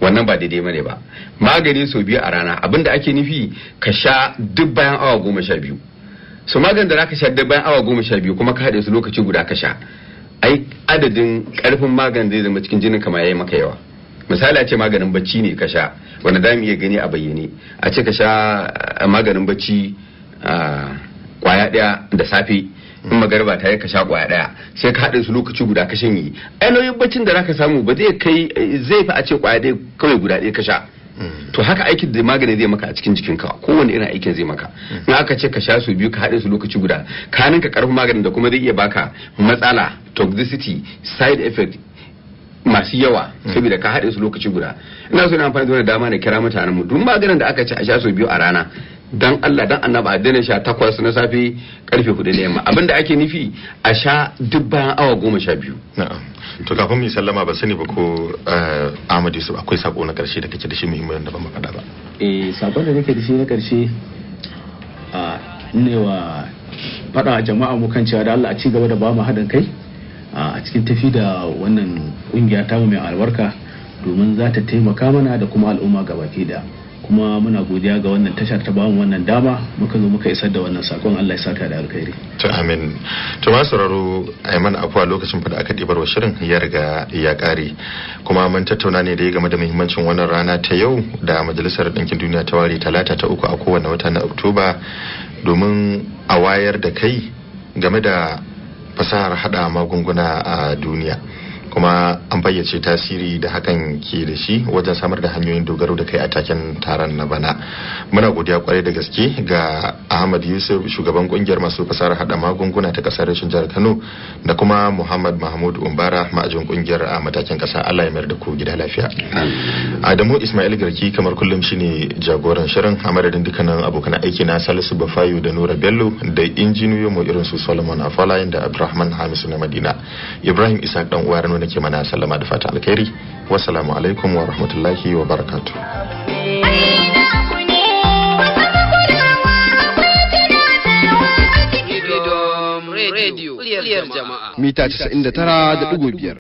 wannan ba daidai ne ba magani sau biyu a rana abinda ake nufi ka sha duk bayan awa goma sha biyu su magani da zaka sha duk bayan awa goma sha biyu kuma ka haɗe su lokaci guda ka sha ai adadin karfin magani zai zama cikin jinin kama ya yi maka yawa misali a ce maganin bacci ne ka sha wanda za mu iya gani a bayyane a ce ka sha eh, maganin bacci eh, kwaya daya da safe in magariba ta yi ka sha kwaya daya sai ka haɗin su lokaci guda ka shanye ainihin baccin da zaka samu ba zai kai zai fi a ce kwaya daya kawai guda daya ka sha hmm. to haka aikin da magani zai maka a cikin jikin jikinka kowane irin aikin zai maka hmm. in aka ce ka sha su biyu ka haɗe su lokaci guda ka ninka karfin maganin da kuma zai iya baka matsala toxicity side effect masu yawa hmm. saboda ka haɗe su lokaci guda ina so na amfani da wannan dama na kira mutanen mu duk maganin da aka ci a sha sau biyu a rana dan Allah dan annabi a daina sha takwas na safe karfe hudu na yamma abinda ake nufi a sha duk bayan awa goma sha biyu to kafin mu sallama ba sani ba ko eh, Ahmad Yusuf akwai sako na karshe da kake da shi muhimmin da ban faɗa ba eh sakon da nake da shi na karshe a ne wa faɗa jama'a mu kan cewa da Allah a ci gaba da ba mu haɗin kai a cikin tafi da wannan kungiya ta mai albarka domin za ta taimaka mana da kuma al'umma gabaki da kuma muna godiya ga wannan tashar ta bamu wannan dama muka zo muka isar da wannan sakon Allah ya saka da alkhairi to amin to ma sauraro Ayman akwa lokacin fa da aka dibar wa shirin ya riga ya kare kuma mun tattauna ne da game da muhimmancin wannan rana ta yau da majalisar ɗinkin duniya ta ware talata ta uku a kowane wata na Oktoba domin a wayar da kai game da fasahar hada magunguna a duniya kuma an bayyace tasiri da hakan ke da shi wajen samar da hanyoyin dogaro da kai a taken taron na bana muna godiya kwarai da gaske ga ahmad yusuf shugaban kungiyar masu fasahar hada magunguna ta kasar rashin jihar kano da kuma muhammad mahmud umbara ma'ajin kungiyar a matakin kasa allah ya mayar da ku gida lafiya adamu ismail garki kamar kullum shine jagoran shirin a madadin dukkanin abokan aiki na salisu bafayo da nura bello da injiniyoyin mu irin su solomon afalayan da abdulrahman hamisu na madina ibrahim isa dan uwa nake mana sallama da fata alkhairi wassalamu alaikum wa rahmatullahi wa barakatuh rediyo muryar jama'a mita 99.5